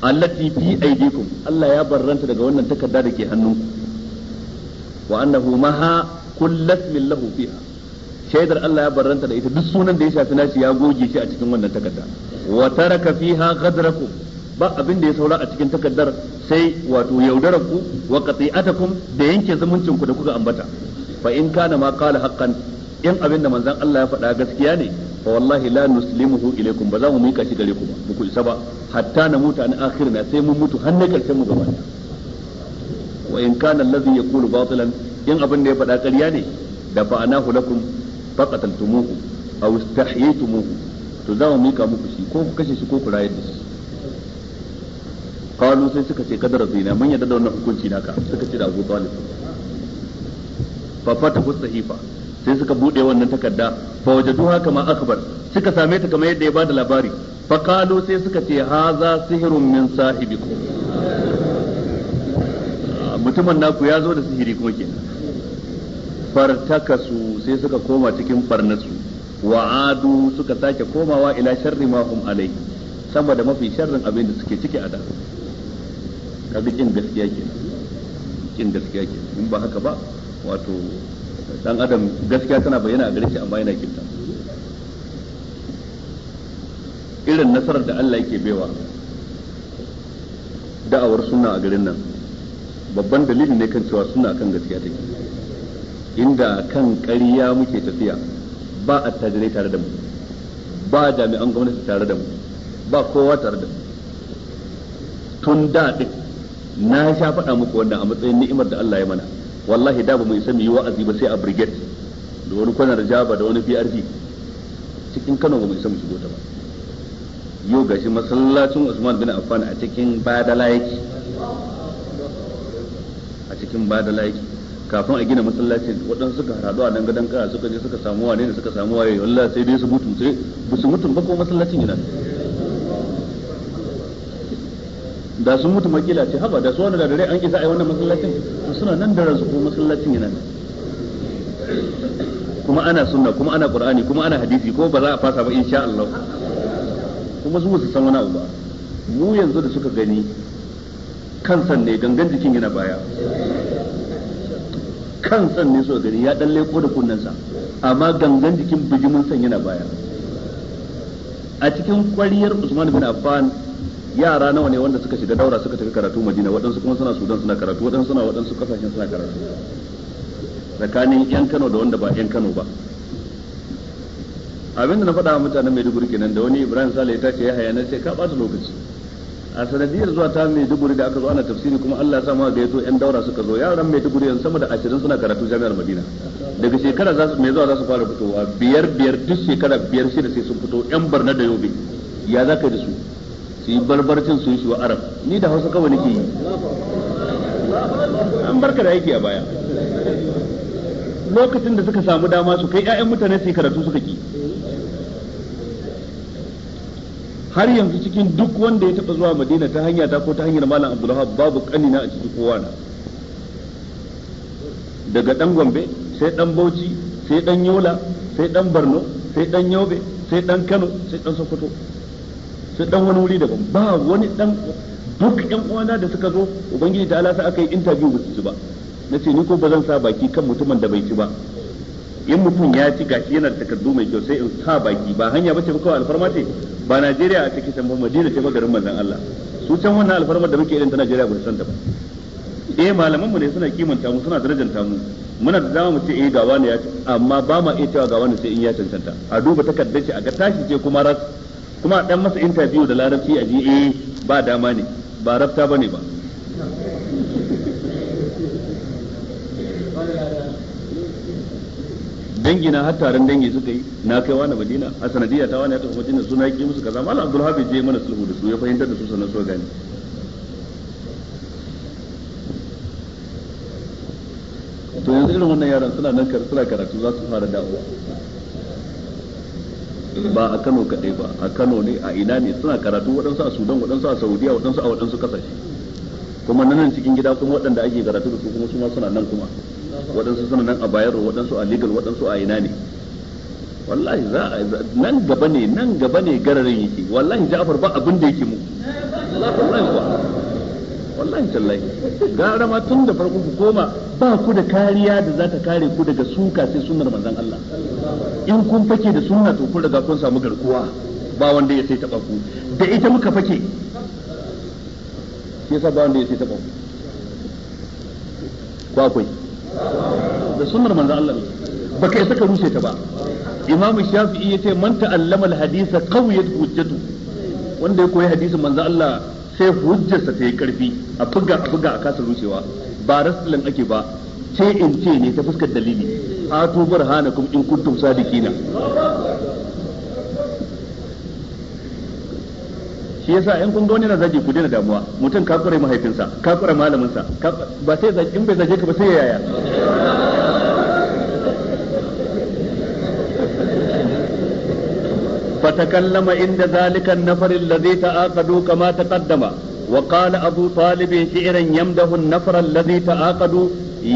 allati fi aydikum Allah ya barranta daga wannan takarda da ke hannunku wa annahu maha kullas min lahu fiha shaidar Allah ya barranta da ita duk sunan da ya shafi nashi ya goge shi a cikin wannan takarda wa taraka fiha ghadrakum ba abin da ya saura a cikin takardar sai wato yaudarar ku wa qati'atakum da yanke zumuncin ku da kuka ambata fa in kana ma qala haqqan in abin da manzon Allah ya faɗa gaskiya ne fa wallahi la nuslimuhu ilaykum ba za mu mika shi gare ku ba ku isa ba hatta na mutu ni akhirna sai mun mutu har na karshen mu gaba wa in kana allazi yaqulu batilan in abin da ya faɗa ƙarya ne da fa'anahu lakum faqataltumuhu aw istahyaytumuhu to za mu mika muku shi ko ku kashe shi ko ku rayar da shi qalu sai suka ce kadar zina mun yadda da wannan hukunci naka suka ce da Abu Talib fa fata hifa sai suka bude wannan takarda fa duha kama akbar suka same ta kamar yadda ya bada labari fa qalu sai suka ce haza sihrun min ko. mutumin naku ya zo da sihiri kuma kenan fartakasu sai suka koma cikin farnasu wa adu suka sake komawa ila sharri ma hum alai sama da mafi sharrin abin da suke ciki a da kaga kin gaskiya ke kin gaskiya ke in ba haka ba wato dan adam gaskiya tana bayyana a gare shi amma yana kinta irin nasarar da Allah yake baiwa da'awar sunna a garin nan babban dalilin ne kan cewa suna kan gaskiya take inda kan ƙarya muke tafiya ba attajirai tare da mu ba jami'an gwamnati tare da mu ba kowa tare da mu tun da ɗin na sha faɗa muku wannan a matsayin ni'imar da Allah ya mana wallahi da ba mu isa mu yi wa'azi ba sai a brigade da wani kwanar jaba da wani PRD cikin Kano ba mu isa mu shigo ta ba yau gashi masallacin Usman bin Affan a cikin Badala yake a cikin Badala yake kafin a gina masallacin waɗansu suka haɗu a nan gadon kara suka je suka samu wane ne suka samu waye wallahi sai dai su mutu sai ba su ba ko masallacin yana da sun mutu makila ce haba da su wani da dare an isa ai wannan masallacin to suna nan da razuku masallacin yana kuma ana sunna kuma ana qur'ani kuma ana hadisi ko ba za a fasa ba insha Allah kuma su su san wani abu ba mu yanzu da suka gani kansan ne gangan jikin yana baya kansan ne suka gani ya dan leko da kunnensa amma gangan jikin bijimin san yana baya a cikin kwariyar Usman bin Affan yara nawa ne wanda suka shiga daura suka tafi karatu madina waɗansu kuma suna sudan suna karatu waɗansu suna waɗansu kasashen suna karatu tsakanin yan kano da wanda ba yan kano ba abin da na faɗa mutanen maiduguri kenan da wani ibrahim sale ya ce ya haya na ce ka ɓata lokaci a sanadiyar zuwa ta maiduguri da aka zo ana tafsiri kuma allah sa ma gaito yan daura suka zo yaran maiduguri yanzu sama da ashirin suna karatu jami'ar madina daga shekara mai zuwa za su fara fitowa biyar biyar duk shekara biyar shida sai sun fito yan barna da yobe ya za ka yi da su su yi barbarcin su yi shi wa arab ni da hausa kawai nake yi an barka da aiki a baya lokacin da suka samu dama su kai 'ya'yan mutane su yi karatu suka ki har yanzu cikin duk wanda ya taɓa zuwa madina ta hanya ta ko ta hanyar malam abdullahab babu kanina a cikin kowa na daga dan gombe sai dan bauchi sai dan yola sai dan Barno sai dan yobe sai dan kano sai dan sokoto su dan wani wuri daban ba wani dan duk yan uwana da suka zo ubangiji ta alasa aka yi interview ba su ba na ce ni ko ba zan sa baki kan mutumin da bai ci ba in mutum ya ci gashi yana da takardu mai kyau sai in sa baki ba hanya bace ba kawai alfarma ce ba Najeriya a take san ba Madina ce ba garin manzon Allah su can wannan alfarmar da muke irin ta Najeriya ba san ta ba eh malaman mu ne suna kimanta mu suna darajanta mu muna da dama mu ce eh ga wani ya ci amma ba ma iya cewa ga wani sai in ya cancanta a duba takardar ce a ga tashi ce kuma ras kuma dan masa interview da larabci a ji eh ba dama ne ba rafta bane ba dangi na har taron dangi suka yi na kai wani madina a sanadiyya ta wani ya tafi madina suna yake musu kaza malam abdul habib je mana sulhu da su ya fahimtar da su sanan so gani to yanzu irin wannan yaran suna nan suna karatu za su fara dawowa ba a Kano kaɗai ba a Kano ne a ina ne suna karatu waɗansu a Sudan waɗansu a Saudiya waɗansu a waɗansu kasashe kuma nan cikin gida kuma waɗanda ake karatu da su kuma suna suna nan kuma waɗansu suna nan a Bayero waɗansu a Legal waɗansu a ina ne wallahi za a nan gaba ne nan gaba ne gararin yake wallahi Ja'far ba abin da yake mu wallahi kuwa wallahi tallahi gara ma tun da farko ku koma ba ku da kariya da za ta kare ku daga suka sai sunnar manzon Allah in kun fake da sunna to kun riga kun samu garkuwa ba wanda ya sai taba ku da ita muka fake shi yasa ba wanda ya sai taba ku Ku akwai da sunnar manzon Allah ba kai ka rushe ta ba imamu shafi'i yace man ta'allama al-hadisa qawiyat hujjatu wanda ya koyi hadisin manzon Allah sai hujjarsa ta yi karfi a buga a buga a kasa rushewa ba rasulun ake ba ce in ce ne ta fuskar dalili burhana kum in kuntum sadiqina shi yasa in kun ga wani na zagi ku daina damuwa mutum ka kure mahaifinsa ka kure malamin sa ba sai in bai zage ka ba sai yaya وتكلم عند ذلك النفر الذي تعاقدوا كما تقدم وقال أبو طالب شعرا يمده النفر الذي تعاقدوا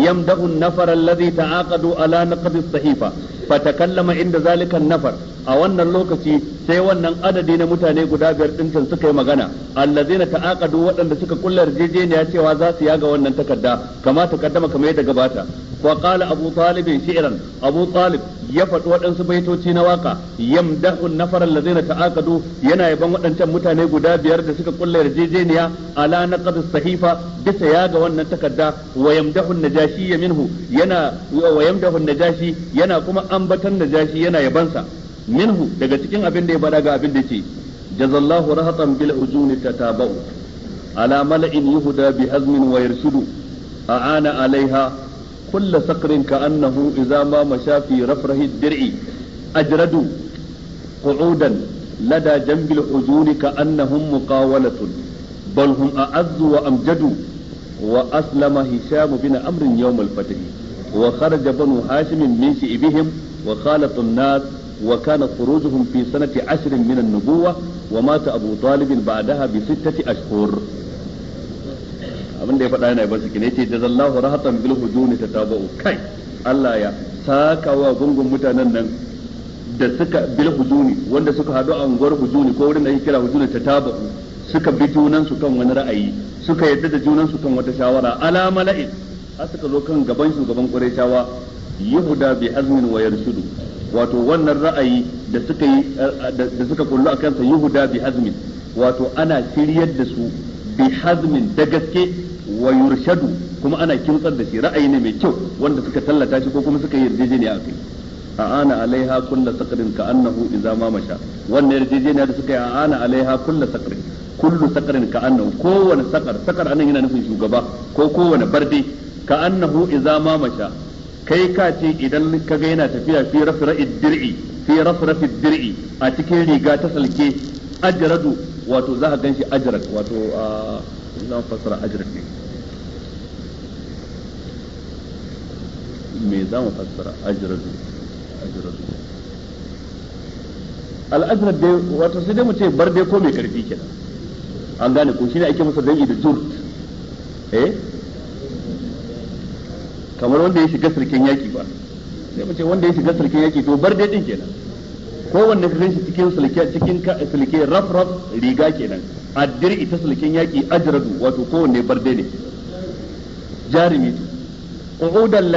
يمده النفر الذي تعاقدوا على نقد الصحيفة فتكلم عند ذلك النفر a wannan lokaci sai wannan adadi na mutane guda biyar ɗinkin suka yi magana allazina ta'aqadu waɗanda suka kulla yarjejeniya cewa za su yaga wannan takarda kama takaddama kamar yadda gabata wa qala abu talib shi'ran abu talib ya faɗi waɗansu baitoci na waka yamdahu nafar allazina ta'aqadu yana yaban waɗancan mutane guda biyar da suka kulla yarjejeniya ala naqd sahifa bisa ya ga wannan takarda wa jashi najashi minhu yana wa yamdahu najashi yana kuma ambatan najashi yana yabansa minhu daga cikin abin da ya faɗa ga abin da ce jazallahu rahatan bil ujuni tatabau ala mala'in yuhda bi azmin wa yarshudu a'ana alaiha كل صقر كأنه إذا ما مشى في رفره الدرع أجرد قعودا لدى جنب الحجون كأنهم مقاولة بل هم أعز وأمجد وأسلم هشام بن أمر يوم الفتح وخرج بنو هاشم من شئبهم وخالط الناس وكان خروجهم في سنة عشر من النبوة ومات أبو طالب بعدها بستة أشهر abin da ya faɗa yana ba su kine ce jazallahu rahatan bil hujuni tatabu kai Allah ya saka wa gungun mutanen nan da suka bil hujuni wanda suka hadu a unguwar hujuni ko wurin da ake kira hujuni tatabu suka bi junan su kan wani ra'ayi suka yadda da junan su kan wata shawara ala mala'in har suka zo kan gaban shugaban Qurayshawa yahuda bi azmin wa yarshudu wato wannan ra'ayi da suka yi da suka kullu akan sa yahuda bi azmin wato ana shiryar da su bi hazmin da gaske wa yurshadu kuma ana kintsar da shi ra'ayi ne mai kyau wanda suka tallata shi ko kuma suka yi yarjejeniya a ana alaiha kullu saqrin annahu idza ma masha wannan yarjejeniya da suka yi a ana alaiha kullu saqrin kullu saqrin annahu kowane saqar saqar anan yana nufin shugaba ko kowane barde annahu idza ma masha kai ka ce idan ka ga yana tafiya fi rafra dir'i fi rafra dir'i a cikin riga ta salke ajradu wato za ka ganshi ajrak wato a ah, zan fasara ajrak ne me za mu fassara ajradu ajradu al da dai wato sai dai mu ce bar dai ko mai karfi kenan an gane ko shine ake masa dangi da jurt eh kamar wanda ya shiga sarkin yaki ba sai mu ce wanda ya shiga sarkin yaki to bar dai din kenan ko wanda ka shi cikin sulke cikin sulke raf raf riga kenan addir ita sulken yaki ajradu wato kowanne bar dai ne jarumi qu'udan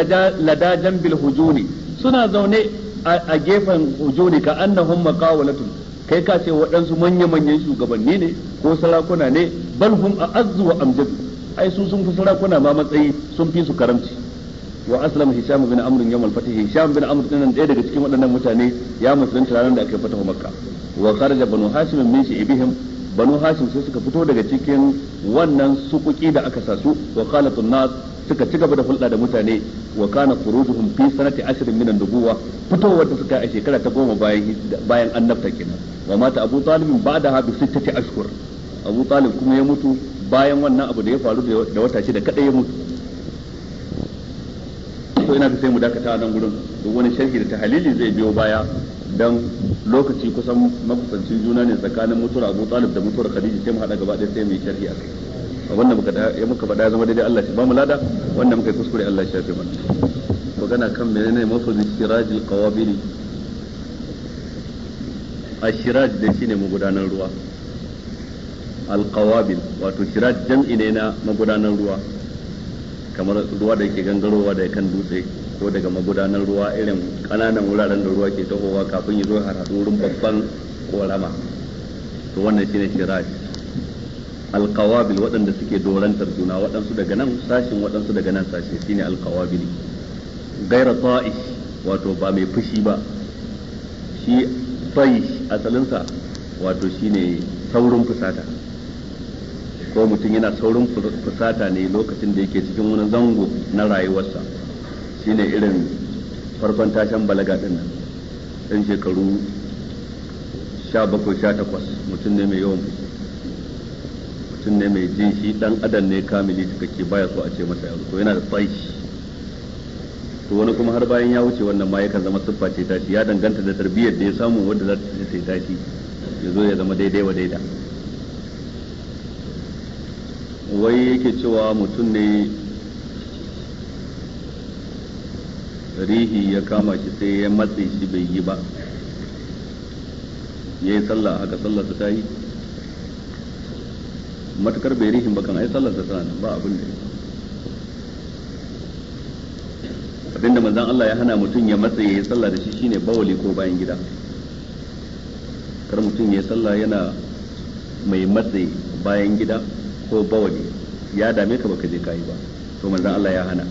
ladajan bil hujuri suna zaune a gefen hujuri ka annahum maqawlatun kai ka ce waɗansu manya-manyan shugabanni ne ko sarakuna ne bal hum a'azzu wa amjad ai su sun fi sarakuna ma matsayi sun fi su karamci wa aslam hisham bin amr yawm al fatih hisham bin amr din ɗaya daga cikin waɗannan mutane ya musulunta ranar da aka fatahu makka wa kharaja banu hashim min shi ibihim banu hashim sai suka fito daga cikin wannan sukuki da aka sasu wa qalatun nas suka ci gaba da hulɗa da mutane wa kana furujuhum fi sanati ashrin min an-nubuwa fitowar da suka yi a shekara ta goma bayan bayan annabta kenan wa mata abu talib ba'da ha bi sittati ashhur abu talib kuma ya mutu bayan wannan abu da ya faru da wata shida kadai ya mutu to ina da sai mu dakata a nan gurin duk wani sharhi da tahlili zai biyo baya dan lokaci kusan makusancin juna ne tsakanin mutuwar Abu Talib da mutuwar Khadija sai mu hada gaba ɗaya sai mu yi sharhi akai wannan muka da ya muka faɗa zama daidai Allah shi ba mu lada wannan muka yi kuskure Allah shi ya fi mana magana kan menene mafuzin shirajil qawabili ashiraj da shine magudanar ruwa alqawabil wato shiraj jam'i ne na magudanar ruwa kamar ruwa da yake gangarowa da kan dutse ko daga magudanar ruwa irin ƙananan wuraren da ruwa ke tahowa kafin ya zo har haɗu wurin babban korama to wannan shine shiraj alkawabil waɗanda suke dorantar juna waɗansu daga nan sashin waɗansu daga nan sashi shine alkawabili gaira ta'ish wato ba mai fushi ba shi ta'ish asalinsa wato shine saurin fusata ko mutum yana saurin fusata ne lokacin da yake cikin wani zango na rayuwarsa shine irin farkon tashan balaga din nan ɗan shekaru sha bakwai sha takwas mutum ne mai yawan fushi mutum ne mai jin shi ɗan adam ne kamili kake baya so a ce masa yanzu ko yana da tsaishi to wani kuma har bayan ya wuce wannan ma yakan zama siffa ce tashi ya danganta da tarbiyyar da ya samu wadda za ta ce sai tashi ya zo ya zama daidai wa daida wai yake cewa mutum ne rihi ya kama shi sai ya matse shi bai yi ba ya yi sallah haka su ta yi matukar bai rihin bakan ai sallar ta tsananin ba abin da abinda manzan Allah ya hana mutum ya matse ya yi sallah da shi shine bawali ko bayan gida kar mutum ya yi sallah yana mai matse bayan gida ko bawali ya dame ka baka je kayi ba to manzan Allah ya hana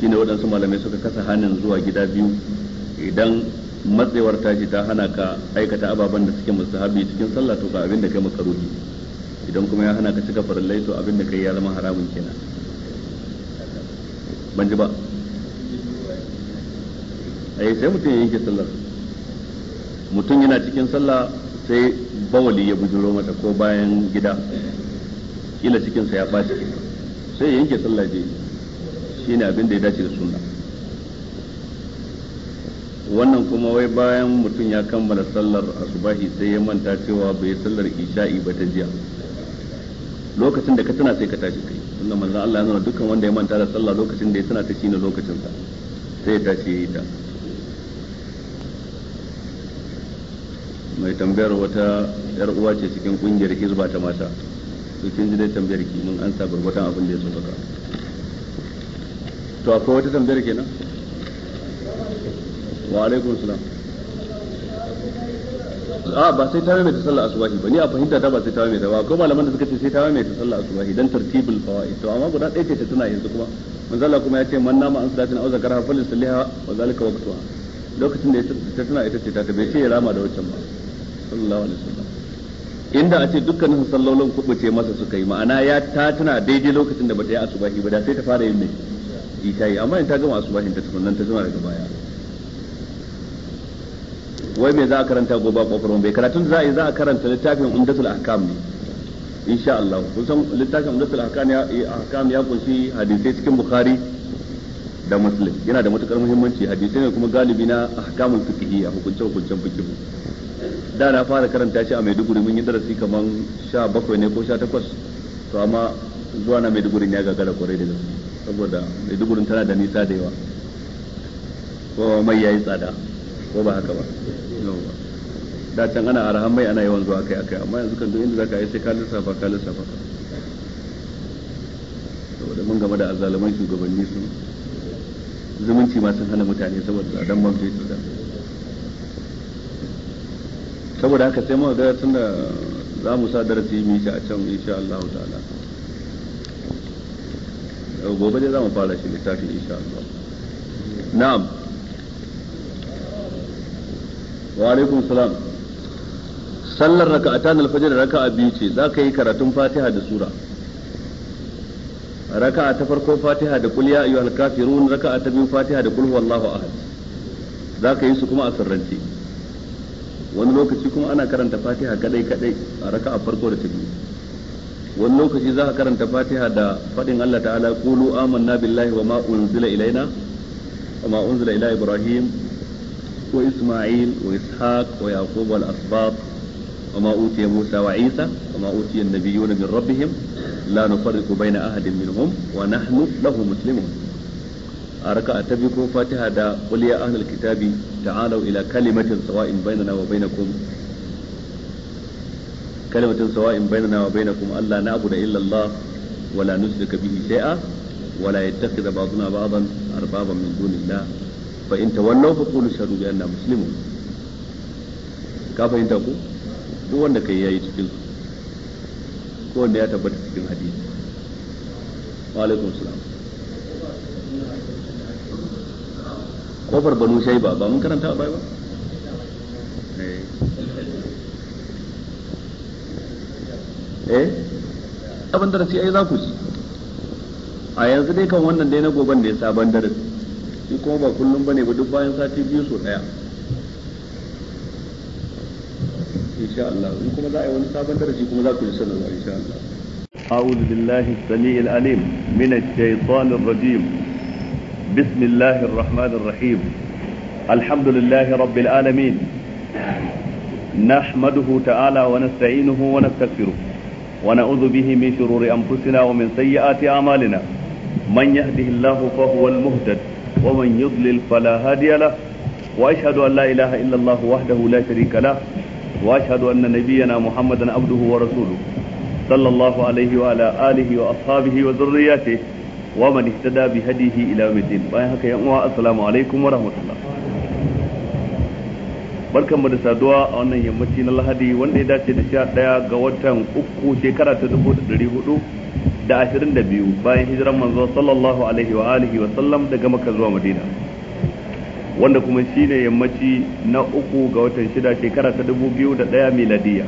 shine waɗansu malamai suka kasa hannun zuwa gida biyu idan matsewar tashi ta hana ka aikata ababen da suke habi cikin sallah to ga abin da kai makaruhi idan kuma ya hana ka cika farallai to abin da kai ya zama haramun kenan ban ji ba ai eh, sai mutum ya yanke sallar mutum yana cikin sallah sai bawali ya bujuro mata ko bayan gida kila cikinsa ya ɓaci sai ya yanke sallah je shine abin da ya dace da sunna wannan kuma wai bayan mutum ya kammala sallar asubahi sai ya manta cewa bai sallar isha'i ba ta jiya lokacin da ka tana sai ka tashi kai wannan manzon Allah ya nuna dukkan wanda ya manta da sallah lokacin da ya tana ta shi lokacin sa sai ya tashi ya yi ta mai tambayar wata yar uwa ce cikin kungiyar hizba ta mata to kin ji dai tambayar ki mun an sabar gurbatan abin da ya so to akwai wata tambayar kenan wa alaikum salam a ba sai ta mai ta sallar asubahi ba ni a fahimta ta ba sai ta mai ta ba ko malaman da suka ce sai ta mai ta sallar asubahi dan tartibul fawaid to amma guda ɗaya ce ta tana yanzu kuma manzo Allah kuma ya ce man nama an salatin au zakara fa lisallaha wa zalika waqtuha lokacin da ta tana ita ce ta ta bai ce ya rama da wancan ba sallallahu alaihi wasallam inda a ce dukkanin sallolin kubuce masa suka yi ma'ana ya ta tana daidai lokacin da bata yi asubahi ba da sai ta fara yin mai yi ta yi amma in ta gama bashin ta tukunan ta zama daga baya wai me za a karanta gobe kofar mun bai karatun za a yi za a karanta littafin umdatul ahkam ne insha Allah kun san littafin umdatul ahkam ya eh, ya kunshi hadisai cikin bukhari da muslim yana da matukar muhimmanci hadisai ne kuma galibi na ahkamul fiqhiyya hukunce hukuncen fiqh da na fara karanta shi a Maiduguri mun yi darasi kaman 17 ne ko 18 to amma zuwa na maidugurin ya gagara kwarai da gaske saboda maidugurin tana da nisa da yawa ko mai yayi tsada ko ba haka ba da can ana arahan mai ana yawan zuwa kai akai amma yanzu kan duk inda zaka yi sai ka lissafa ka lissafa saboda mun game da azzaluman shugabanni sun zumunci ma sun hana mutane saboda tsadan man fetur da saboda haka sai mu ga tunda za mu sa darasi mu yi shi a can insha Allah ta'ala Eh, gobe dai za mu fara shi littafin insha Allah na'am wa alaikum salam sallar raka'atan alfajr raka'a biyu ce za ka yi karatun fatiha da sura raka'a ta farko fatiha da kul ya ayyuhal kafirun raka'a ta biyu fatiha da kul huwallahu ahad za ka yi su kuma a sirrance wani lokaci kuma ana karanta fatiha kadai kadai a raka'a farko da ta biyu wani lokaci za a karanta fatiha da faɗin Allah ta'ala qulu amanna billahi wa ma unzila ilaina wa ma unzila ila ibrahim wa isma'il wa ishaq wa yaqub wal asbab wa ma utiya musa wa isa wa ma utiya nabiyyuna min rabbihim la nufarriqu baina ahadin minhum wa nahnu lahu muslimun a ko fatiha da qul ya kitabi ta'alu ila kalimatin sawa'in bainana wa bainakum kalimatun sawa'in bainana wa bainakum Allah na abu da illallah wala nusrika bihi shay'a wala yattakhidha ba'duna ba'dan arbaban min dunillah fa in tawallaw fa qulu shahadu bi anna muslimun ka fahimta ko duk wanda kai yayi cikin su ko wanda ya tabbata cikin hadisi wa alaikum salam kofar banu shaiba ba mun karanta a ba eh abin darasi ai za ku ji a yanzu dai kan wannan dai na goban da ya sabon darasi shi kuma ba kullum bane ba duk bayan sati biyu so daya insha Allah in kuma za a yi wani sabon darasi kuma za ku ji sanarwa insha Allah أعوذ بالله السميع العليم من الشيطان الرجيم بسم الله الرحمن الرحيم الحمد لله رب العالمين نحمده تعالى ونستعينه ونستغفره ونعوذ به من شرور أنفسنا ومن سيئات أعمالنا من يهده الله فهو المهتد ومن يضلل فلا هادي له وأشهد أن لا إله إلا الله وحده لا شريك له وأشهد أن نبينا محمدا عبده ورسوله صلى الله عليه وعلى آله وأصحابه وذرياته ومن اهتدى بهديه إلى مدين الدين السلام عليكم ورحمة الله barkan mu da saduwa a wannan yammaci na lahadi wanda ya dace da sha daya ga watan uku shekara ta dubu da dari hudu da ashirin da biyu bayan hijiran manzo sallallahu alaihi wa alihi wa sallam daga maka zuwa madina wanda kuma shi ne yammaci na uku ga watan shida shekara ta dubu biyu da daya miladiya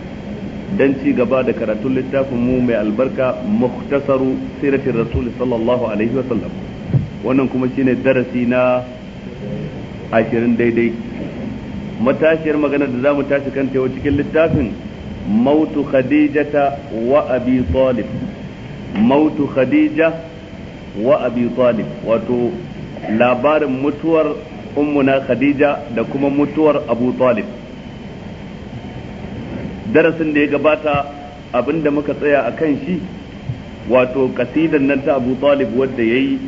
dan ci gaba da karatun littafin mu mai albarka muhtasaru siratin rasul sallallahu alaihi wa sallam wannan kuma shine darasi na ashirin daidai matashiyar magana da za mu tashi kan yau cikin littafin mautu ta wa abi talib mautu khadija wa abi talib wato labarin mutuwar ummuna khadija da kuma mutuwar abu talib darasin da ya gabata abinda muka tsaya a kan shi wato kasidan nan ta abu talib wadda ya yi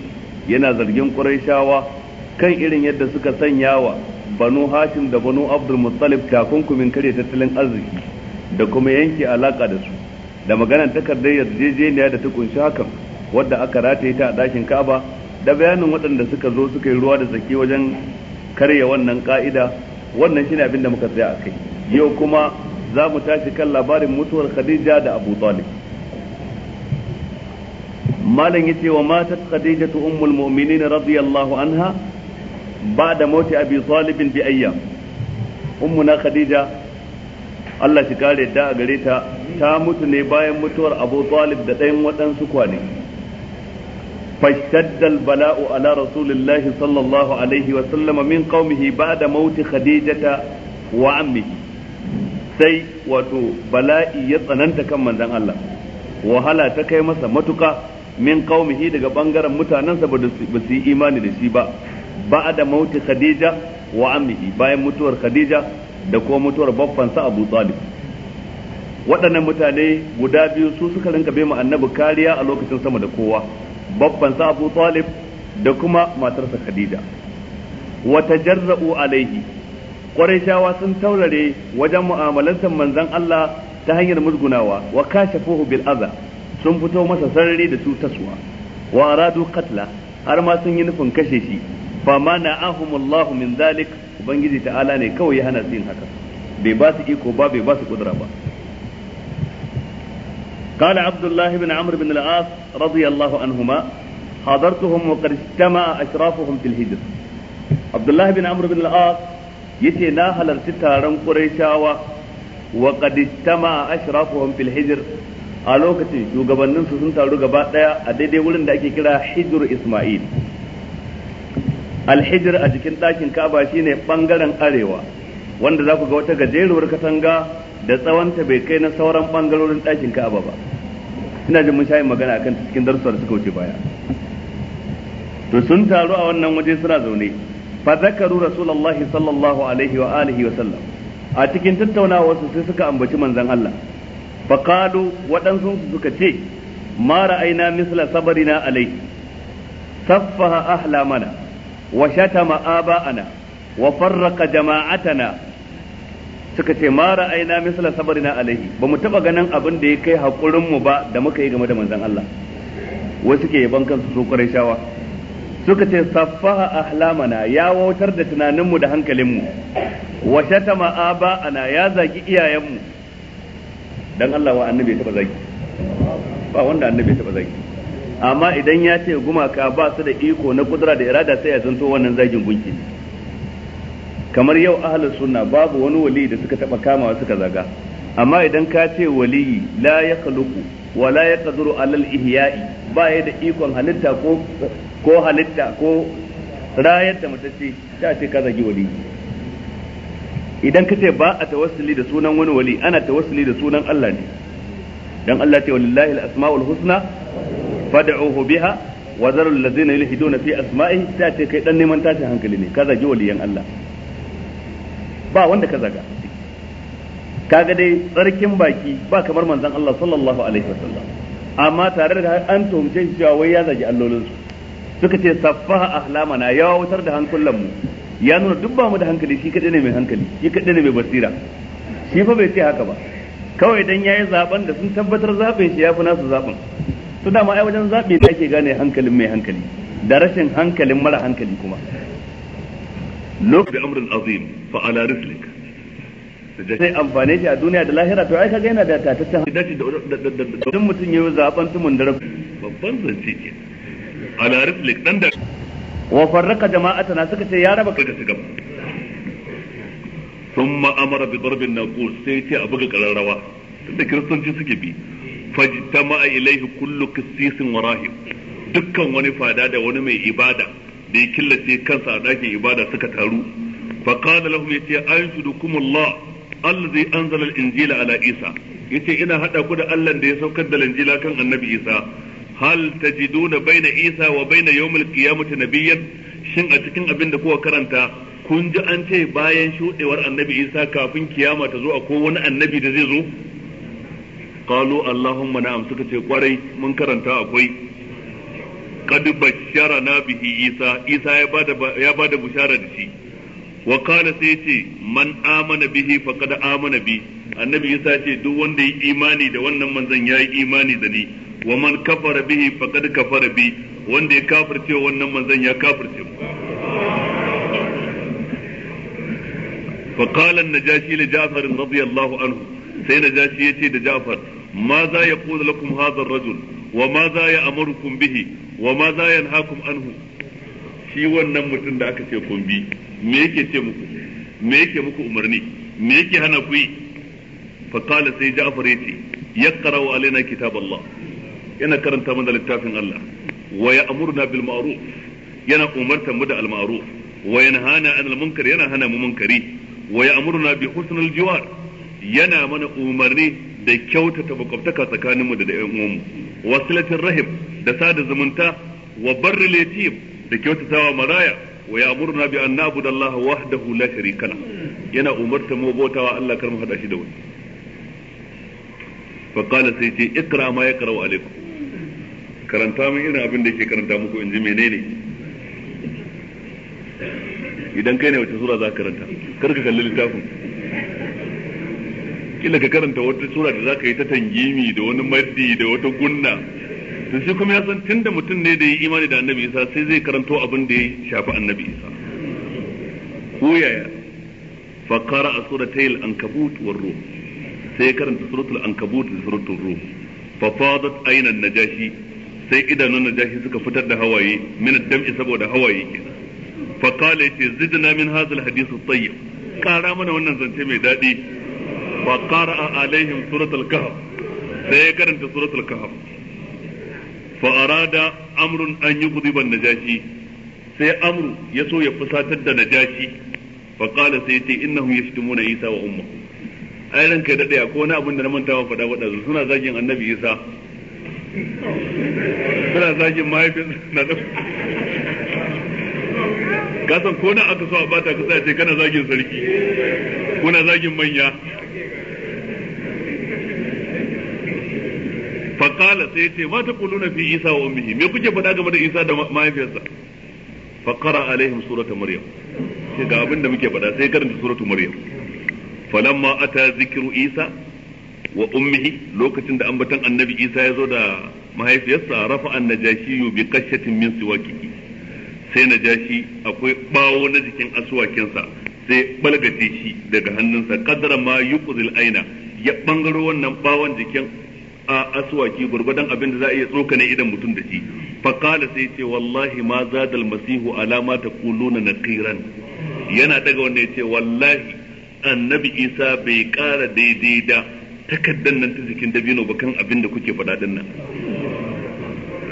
yana zargin shawa. kan irin yadda suka sanya wa banu hashim da banu abdul muttalib takunkumin kare tattalin arziki da kuma yanke alaka da su da maganar takardar yarjejeniya da ta kunshi hakan wadda aka rataye ta a dakin kaba da bayanin waɗanda suka zo suka yi ruwa da tsaki wajen karya wannan ka'ida wannan shine abin da muka tsaya a kai yau kuma za mu tashi kan labarin mutuwar khadija da abu talib malam yace wa matat khadijatu ummul mu'minin radiyallahu anha بعد موت أبي طالب بأيام أمنا خديجة Allah shi kare da a gare ta ta mutu ne bayan mutuwar Abu Talib da ɗayan waɗansu kwane. Fashaddal bala'u ala Rasulillahi sallallahu alaihi wa sallama min mauti wa Sai wato bala'i ya tsananta kan manzon Allah. Wahala ta kai masa matuka min qaumihi daga bangaren mutanensa ba su yi imani da shi ba da mauti khadija wa ammihi bayan mutuwar khadija da kuma mutuwar baffansa abu talib waɗannan mutane guda biyu su suka rinka bai annabi kariya a lokacin sama da kowa babbansa abu talib da kuma matarsa khadija wa tajarra'u alaihi shawa sun taurare wajen mu'amalantar manzon Allah ta hanyar musgunawa wa kashafuhu bil sun fito masa sarari da cutaswa wa aradu qatla har ma sun yi nufin kashe shi fa mana'ahum Allah min zalik ubangiji ta'ala ne kawai ya hana su yin haka bai ba su iko ba bai ba su kudura ba قال عبد الله بن عمرو بن العاص رضي الله عنهما حضرتهم وقد اجتمع اشرافهم في الهجر عبد الله بن عمرو بن العاص na halarci taron Qurayshawa wa qad istama ashrafuhum a lokacin shugabannin su sun taru gaba daya a daidai wurin da ake kira hijir Isma'il alhijir a jikin ɗakin ka'aba shine bangaren arewa wanda za ku ga wata gajeruwar katanga da tsawonta bai kai na sauran bangarorin ɗakin ka'aba ba ina jin mun shayin magana akan cikin da suka wuce baya to sun taru a wannan waje suna zaune fa zakaru rasulullahi sallallahu alaihi wa alihi wa sallam a cikin tattaunawa su sai suka ambaci manzon Allah fa qalu waɗansu suka ce ma ra'ayna misla sabarina alai saffaha ahla mana wa shatama aba'ana wa farraqa jama'atana suka ce ma ra'ayina misla sabarina alaihi ba mu taba ganin abin da ya kai hakurin mu ba da muka yi game da manzon Allah wasu ke yaban kansu su shawa suka ce saffaha ahlamana ya wautar da tunaninmu da hankalinmu wa shatama aba'ana ya zagi iyayenmu dan Allah wa annabi ya taba zagi ba wanda annabi ya taba zagi amma idan ya ce gumaka ba su da iko na kudura da irada sai ya zanto wannan zagin gunki kamar yau ahlus sunna babu wani wali da suka taba kamawa suka zaga amma idan ka ce wali la ya kaluku wa la ya ala al ihya'i ba ya da ikon halitta ko ko halitta ko rayar da mutace ta ce ka zagi wali idan ka ce ba a tawassuli da sunan wani wali ana tawassuli da sunan Allah ne dan Allah ce wallahi al-asmaul husna fad'uhu biha wa zarul ladzina yulhiduna fi asma'ihi sai ce kai dan neman tashin hankali ne ka zagi waliyan Allah ba wanda ka zaga kaga dai tsarkin baki ba kamar manzon Allah sallallahu amma tare da an tuhumce shi cewa wai ya zagi allolin su suka ce saffaha ahlamana ya wutar da hankulan mu ya nuna duk ba mu da hankali shi kadai ne mai hankali shi kadai ne mai basira shi fa bai ce haka ba kawai dan yayi zaben da sun tabbatar zaben shi yafi nasu zaben to dama ai wajen zabi da ake gane hankalin mai hankali da rashin hankalin mara hankali kuma lokacin amrin azim fa ala rislik sai amfane shi a duniya da lahira to ai kaga yana da tataccen dace da da mutum yayi zaben tumun da babban zance ke ala rislik dan da wa farraka jama'atana suka ce ya raba kaga shiga ثم امر بضرب الناقوس سيتي ابغى قراروا tunda kiristanci suke bi fajtama ilaihi kullu qissisin wa dukkan wani fada da wani mai ibada da ya killace kansa a ɗakin ibada suka taru fa qala lahum yati anshudukum Allah allazi anzala al-injila ala Isa yace ina hada ku da Allah da ya saukar da injila kan annabi Isa hal tajiduna baina Isa wa baina yawmil qiyamati nabiyyan shin a cikin abin da kuka karanta kun ji an ce bayan shudewar annabi Isa kafin kiyama ta zo a ko wani annabi da zai zo qalu allahumma na'am suka ce kwarai mun karanta akwai qad basharana bihi isa isa ya bada ya bada bushara da shi wa qala sai ce man amana bihi faqad amana bi annabi isa ce duk wanda ya imani da wannan manzon yayi imani da ni wa man kafara bihi faqad kafara bi wanda ya wannan ya فقال النجاشي لجعفر رضي الله عنه sai na ya ce da Ja'far ma za ya qulu lakum hadha rajul wa ma za ya amurukum bihi wa ma za ya yanhaakum anhu shi wannan mutum da aka ce kun bi me yake ce muku me yake muku umarni me yake hana ku yi fa qala sai Ja'far yace yaqra'u alaina kitab Allah yana karanta mana littafin Allah wa ya'muruna bil ma'ruf yana umartar mu da al ma'ruf wa yanhana 'anil munkar yana hana mu munkari wa ya'muruna bi husnil jiwar yana mana umarni da kyautata makwabtaka tsakaninmu da ɗan uwanmu wasilatin rahim da sada zumunta wa barri yatim da kyautatawa maraya wa ya murna bi an da Allah wahdahu la sharika la yana umarta mu bautawa Allah kar mu hada shi da wani fa qala sai ce ikra ma yaqra'u alaikum karanta min irin abin da yake karanta muku in ji menene idan kai ne wace sura za ka karanta kar ka kalli littafin kila ka karanta wata sura da za ka yi ta tangimi da wani maddi da wata gunna to shi kuma ya san tunda mutum ne da ya imani da annabi isa sai zai karanto abin da ya shafi annabi isa ko yaya fa qara'a suratayil ankabut war ruh sai ya karanta suratul ankabut da suratul ruh fa fadat aynan najashi sai idanun najashi suka fitar da hawaye min dam'i saboda hawaye kenan fa qala yace zidna min hadha al hadith at-tayyib kara mana wannan zance mai daɗi fa qara'a alaihim suratul kahf sai ya karanta suratul kahf fa arada amrun an yughdiba najashi sai amru ya so ya fusatar da najashi fa qala sai yace innahum yashtumuna isa wa umma ai ranka dade ko wani abin da na manta wa fada wada suna zagin annabi isa suna kasan ko na aka so a bata kasa ce kana zagin sarki kuna zagin manya fa sai ce ma taquluna fi isa wa ummihi me kuke faɗa game da isa da mahaifiyarsa Fakara qara alaihim surata maryam sai ga abin da muke faɗa sai karanta suratu maryam falamma ata zikru isa wa ummihi lokacin da ambatan annabi isa ya zo da mahaifiyarsa rafa annajashiyu bi qashatin min siwakihi sai najashi akwai bawo na jikin asuwakinsa sai balgace shi daga hannunsa kadara ma yuqzil aina ya bangaro wannan bawon jikin a aswaki gurgudan abin da za a iya tsokane idan mutum da shi fa qala sai ce wallahi ma zadal masihu ta ma na naqiran yana daga wanda yace wallahi annabi isa bai kara daidai da takaddan nan ta jikin dabino ba kan abin da kuke faɗa din nan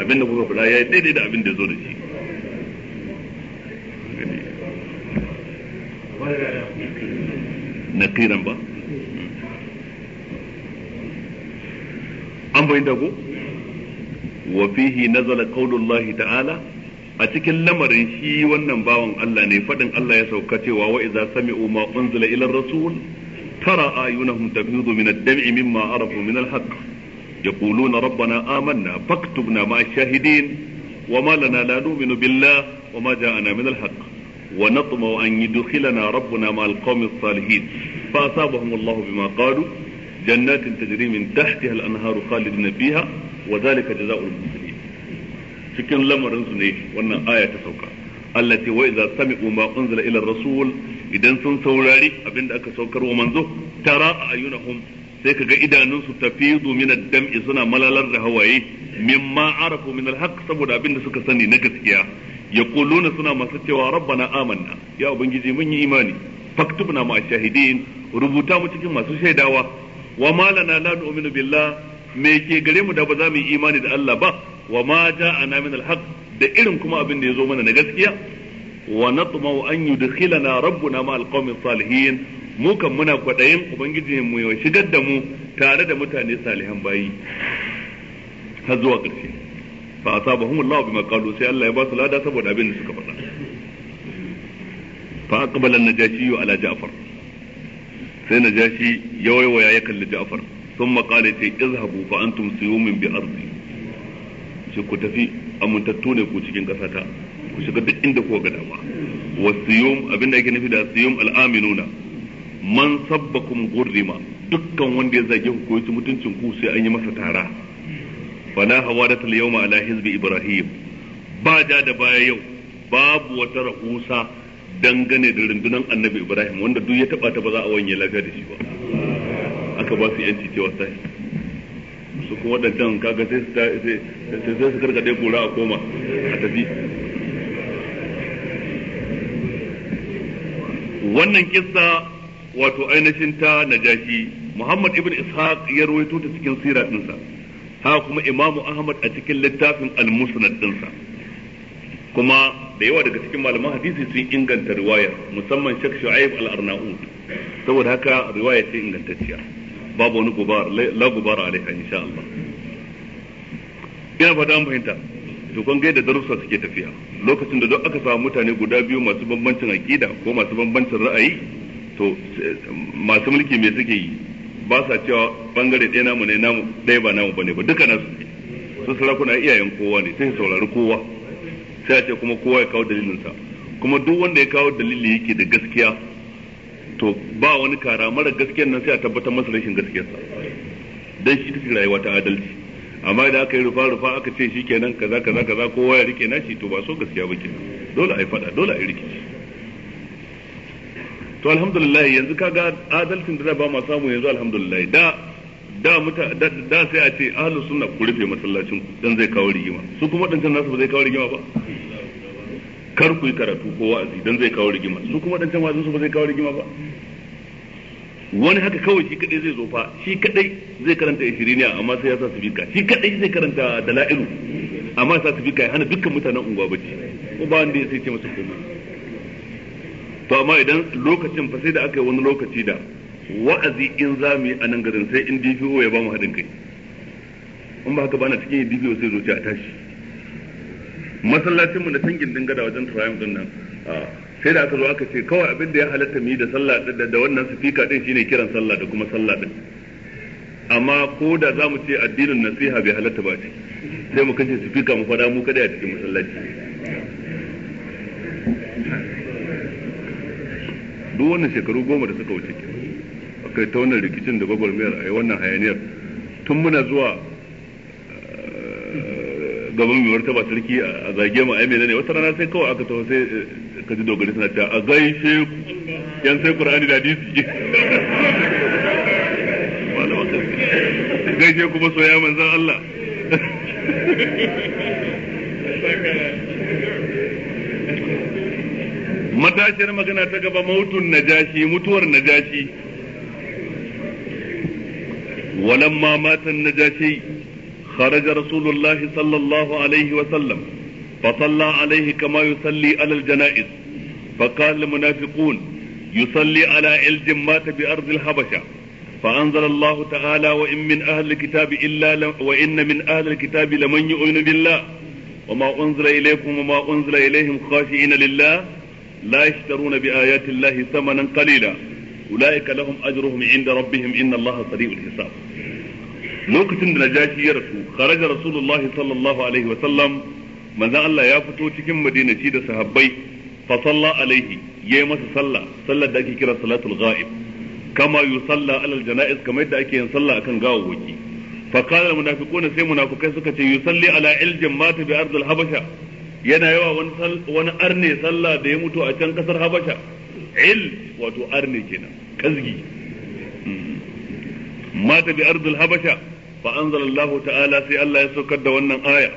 abin da kuka faɗa yayi daidai da abin da zo da shi naqiran ba an bai dago wa fihi nazala qaulullahi ta'ala a cikin lamarin shi wannan bawan Allah ne fadin Allah ya sauka cewa wa idza sami'u ma unzila ila rasul tara ayunahum tafidu min ad-dam'i mimma arafu min al-haqq يقولون ربنا آمنا wa مع الشاهدين وما لنا لا نؤمن بالله وما جاءنا من الحق ونطمع أن يدخلنا ربنا مع القوم الصالحين فأصابهم الله بما قالوا جنات تجري من تحتها الأنهار خالدين فيها وذلك جزاء المحسنين cikin lamarin su ne wannan aya ta sauka allati wa idza sami'u ma unzila ila rasul idan sun saurari abinda aka saukar wa manzo tara ayuna ayunahum sai kaga idanun su tafidu min dami suna malalar da hawaye mimma arafu min al-haq saboda abinda suka sani na gaskiya yaquluna suna masu cewa rabbana amanna ya bangiji mun yi imani faktubna ma shahidin rubuta mu cikin masu shaidawa wa ma lana la nu'minu billah me ke gare mu da ba za mu yi imani da Allah ba wa ma ja'ana min al da irin kuma abin da yazo mana na gaskiya wa natma'u an yudkhilana rabbuna ma al salihin mu kan muna kwadayin ubangiji mu ya shigar da mu tare da mutane salihan bayi har zuwa ƙarshe fa asabahum Allah bima qalu sai Allah ya ba su lada saboda abin da suka faɗa fa aqbala an-najashi ala ja'far sai na ja shi ya ya kalli Ja'far sun maƙala ce izhabu fa antum suyumin bi ardi shi ku tafi amintattu ne ku cikin kasata ku shiga duk inda ku ga dama wa suyum abinda yake nufi da suyum al'aminuna man sabbakum gurrima dukkan wanda ya zage ku koyi mutuncin ku sai an yi masa tara fala hawa al yawma ala hizbi ibrahim ba da da baya yau babu wata rahusa dangane da rundunar annabi ibrahim wanda duk ya taba ta ba za a wanye lafiya da shi ba aka ba su yanci cewa sai su kuma waɗancan kaga sai su karkade kura a koma a tafi wannan kissa wato ainihin ta najashi muhammad ibn ishaq ya rawaito ta cikin sira dinsa ha kuma imamu ahmad a cikin littafin al-musnad dinsa kuma da yawa daga cikin malaman hadisi sun inganta riwayar musamman shak Shu'aib al-Arnaud saboda haka riwaya ce ingantacciya babu wani gubar la gubar alaiha insha Allah ina fata an fahimta to kun da darussa suke tafiya lokacin da duk aka samu mutane guda biyu masu bambancin aqida ko masu bambancin ra'ayi to masu mulki me suke yi ba sa cewa bangare ɗaya namu ne namu ɗaya ba namu bane ba duka nasu su sarakuna iyayen kowa ne sai saurari kowa sai a ce kuma kowa ya kawo dalilinsa kuma duk wanda ya kawo dalili yake da gaskiya to ba wani kara mara gaskiyar nan sai a tabbatar masa rashin gaskiyarsa dan shi take rayuwa ta adalci amma idan aka yi rufa rufa aka ce shi kenan kaza kaza kaza kowa ya rike nashi to ba so gaskiya ba kenan dole a yi fada dole a yi rikici to alhamdulillah yanzu kaga adalcin da ba mu samu yanzu alhamdulillah da da muta da sai a ce ahlus sunna ku rufe masallacin ku dan zai kawo rigima su kuma dan can nasu ba zai kawo rigima ba kar ku yi karatu ko wa'azi dan zai kawo rigima su kuma can wa'azin su ba zai kawo rigima ba wani haka kawai shi kadai zai zo fa shi kadai zai karanta ishiriniya amma sai ya sa sabika shi kadai zai karanta dala'ilu amma ya sa sifika ya hana dukkan mutanen unguwa bacci ko ba wanda ya sai ce masa komai to amma idan lokacin fa sai da aka yi wani lokaci da wa'azi in za mu yi a nan garin sai in DPO ya ba mu haɗin kai in ba haka ba na cikin yin DPO sai zuciya a tashi Masallacinmu mu na tangin gada wajen Triumph din nan sai da aka zo aka ce kawai abin da ya halatta mu yi da sallah da wannan sifika din shine kiran sallah da kuma sallah din amma ko da za mu ce addinin nasiha bai halatta ba ce sai mu kashe sifika mu fada mu kada a cikin masallaci duk wannan shekaru goma da suka wuce kai ta wannan rikicin da gwagwarmayar a yi wannan hayaniyar tun muna zuwa eh, gaban mai ba sarki a zage mu ai ne wata rana sai kawai aka taho sai eh, ka ji dogari suna ta a gaishe yan sai qur'ani da hadisi gaishe kuma soya manzon Allah matashiyar magana ta gaba mautun najashi mutuwar najashi ولما مات النجاشي خرج رسول الله صلى الله عليه وسلم فصلى عليه كما يصلي على الجنائز فقال المنافقون يصلي على علج مات بأرض الحبشة فأنزل الله تعالى وإن من أهل الكتاب إلا لم وإن من أهل الكتاب لمن يؤمن بالله وما أنزل إليكم وما أنزل إليهم خاشعين لله لا يشترون بآيات الله ثمنا قليلا ulaika lahum ajruhum inda rabbihim inna hisab lokacin da na najashi ya rasu kharaja rasulullahi sallallahu manzan Allah ya fito cikin madinaci da sahabbai fa salla alaihi yayi masa sallah sallar da ake kiran salatul ghaib kama yusalla alal janaiz kamar yadda ake yin sallah akan gawawwaki fa qala munafiquna sai munafikai suka ce yusalli ala iljin mata bi ardil habasha yana yawa wani arne sallah da ya mutu a can kasar habasha il wato arne kenan kazgi mata bi ardul habasha fa anzalallahu ta'ala sai Allah ya saukar da wannan aya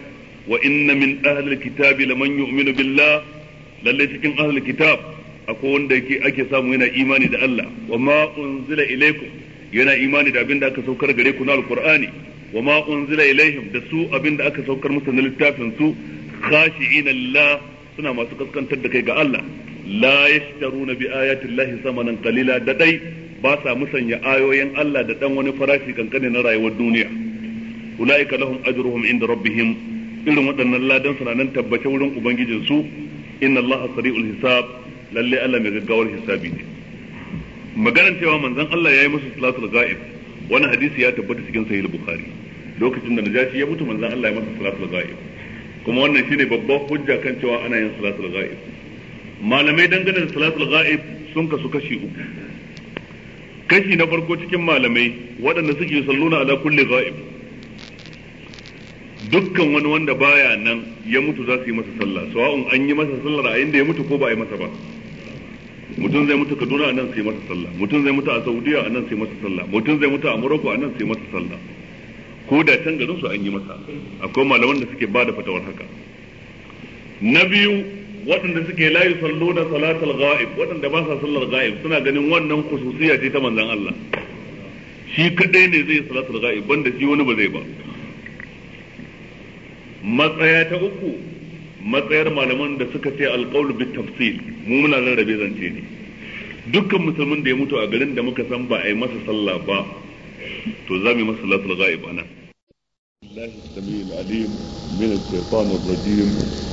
wa inna min ahlil kitabi laman yu'minu billah lalle cikin ahlul kitab akwai wanda ake samu yana imani da Allah wa unzila ilaikum yana imani da abin da aka saukar gare ku na alqur'ani wa unzila ilaihim da su abin da aka saukar musu na littafin su khashi'ina lillah suna masu kaskantar da kai ga Allah la yashtaruna bi ayati llahi samanan qalila da dai ba sa musanya ayoyin Allah da dan wani farashi kankane na rayuwar duniya ulaika lahum ajruhum inda rabbihim irin waɗannan ladan suna nan tabbace wurin ubangijin su inna allaha sari'ul hisab lalle Allah mai gaggawar hisabi ne maganar cewa manzon Allah yayi musu salatul ghaib wani hadisi ya tabbata cikin sahih bukhari lokacin da najashi ya mutu manzon Allah ya masa salatul ghaib kuma wannan shine babban hujja kan cewa ana yin salatul ghaib malamai dangane da salatul ghaib sun kasu kashi uku kashi na farko cikin malamai waɗanda suke salluna ala kulli ghaib dukkan wani wanda baya nan ya mutu za su yi masa sallah sawa'un an yi masa sallah a inda ya mutu ko ba a yi masa ba mutum zai mutu Kaduna a nan sai masa sallah mutum zai mutu a Saudiya a nan sai masa sallah mutum zai mutu a Morocco a nan sai masa sallah ko da can garin su an yi masa akwai malaman da suke bada fatawar haka na biyu waɗanda suke la da salatul ghaib waɗanda ba sa sallar ghaib suna ganin wannan khususiyya ce ta manzon Allah shi kadai ne zai salatul ghaib banda shi wani ba zai ba matsaya ta uku matsayar malaman da suka ce alqaul bi tafsil mu muna nan rabe zance ne dukkan musulmin da ya mutu a garin da muka san ba a yi masa sallah ba to za mu yi masa salatul ghaib anan الله السميع العليم من الشيطان الرجيم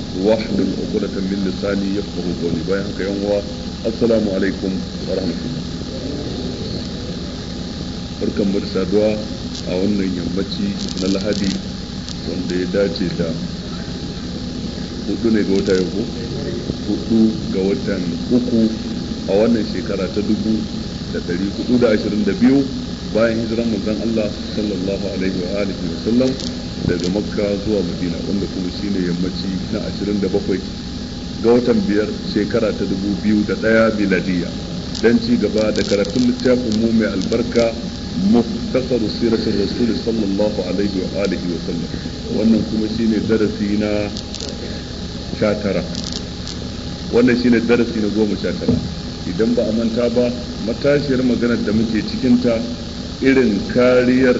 wahlul uqdatan min lisani yafqahu qawli bayan haka yan uwa assalamu alaikum wa rahmatullah barkan mu da saduwa a wannan yammaci na lahadi wanda ya dace da hudu ne ga wata yau hudu ga watan uku a wannan shekara ta dubu da dari hudu da ashirin da biyu bayan hijiran manzon Allah sallallahu alaihi wa alihi wa sallam daga makka zuwa madina wanda kuma shine yammaci na 27 ga watan biyar shekara ta 2001 miladiya don ci gaba da karatun littafin mu mai albarka muftasaru siratul rasul sallallahu alaihi wa alihi wa sallam wannan kuma shine darasi na 19 wannan shine darasi na goma 19 idan ba a manta ba matashiyar maganar da muke cikinta irin kariyar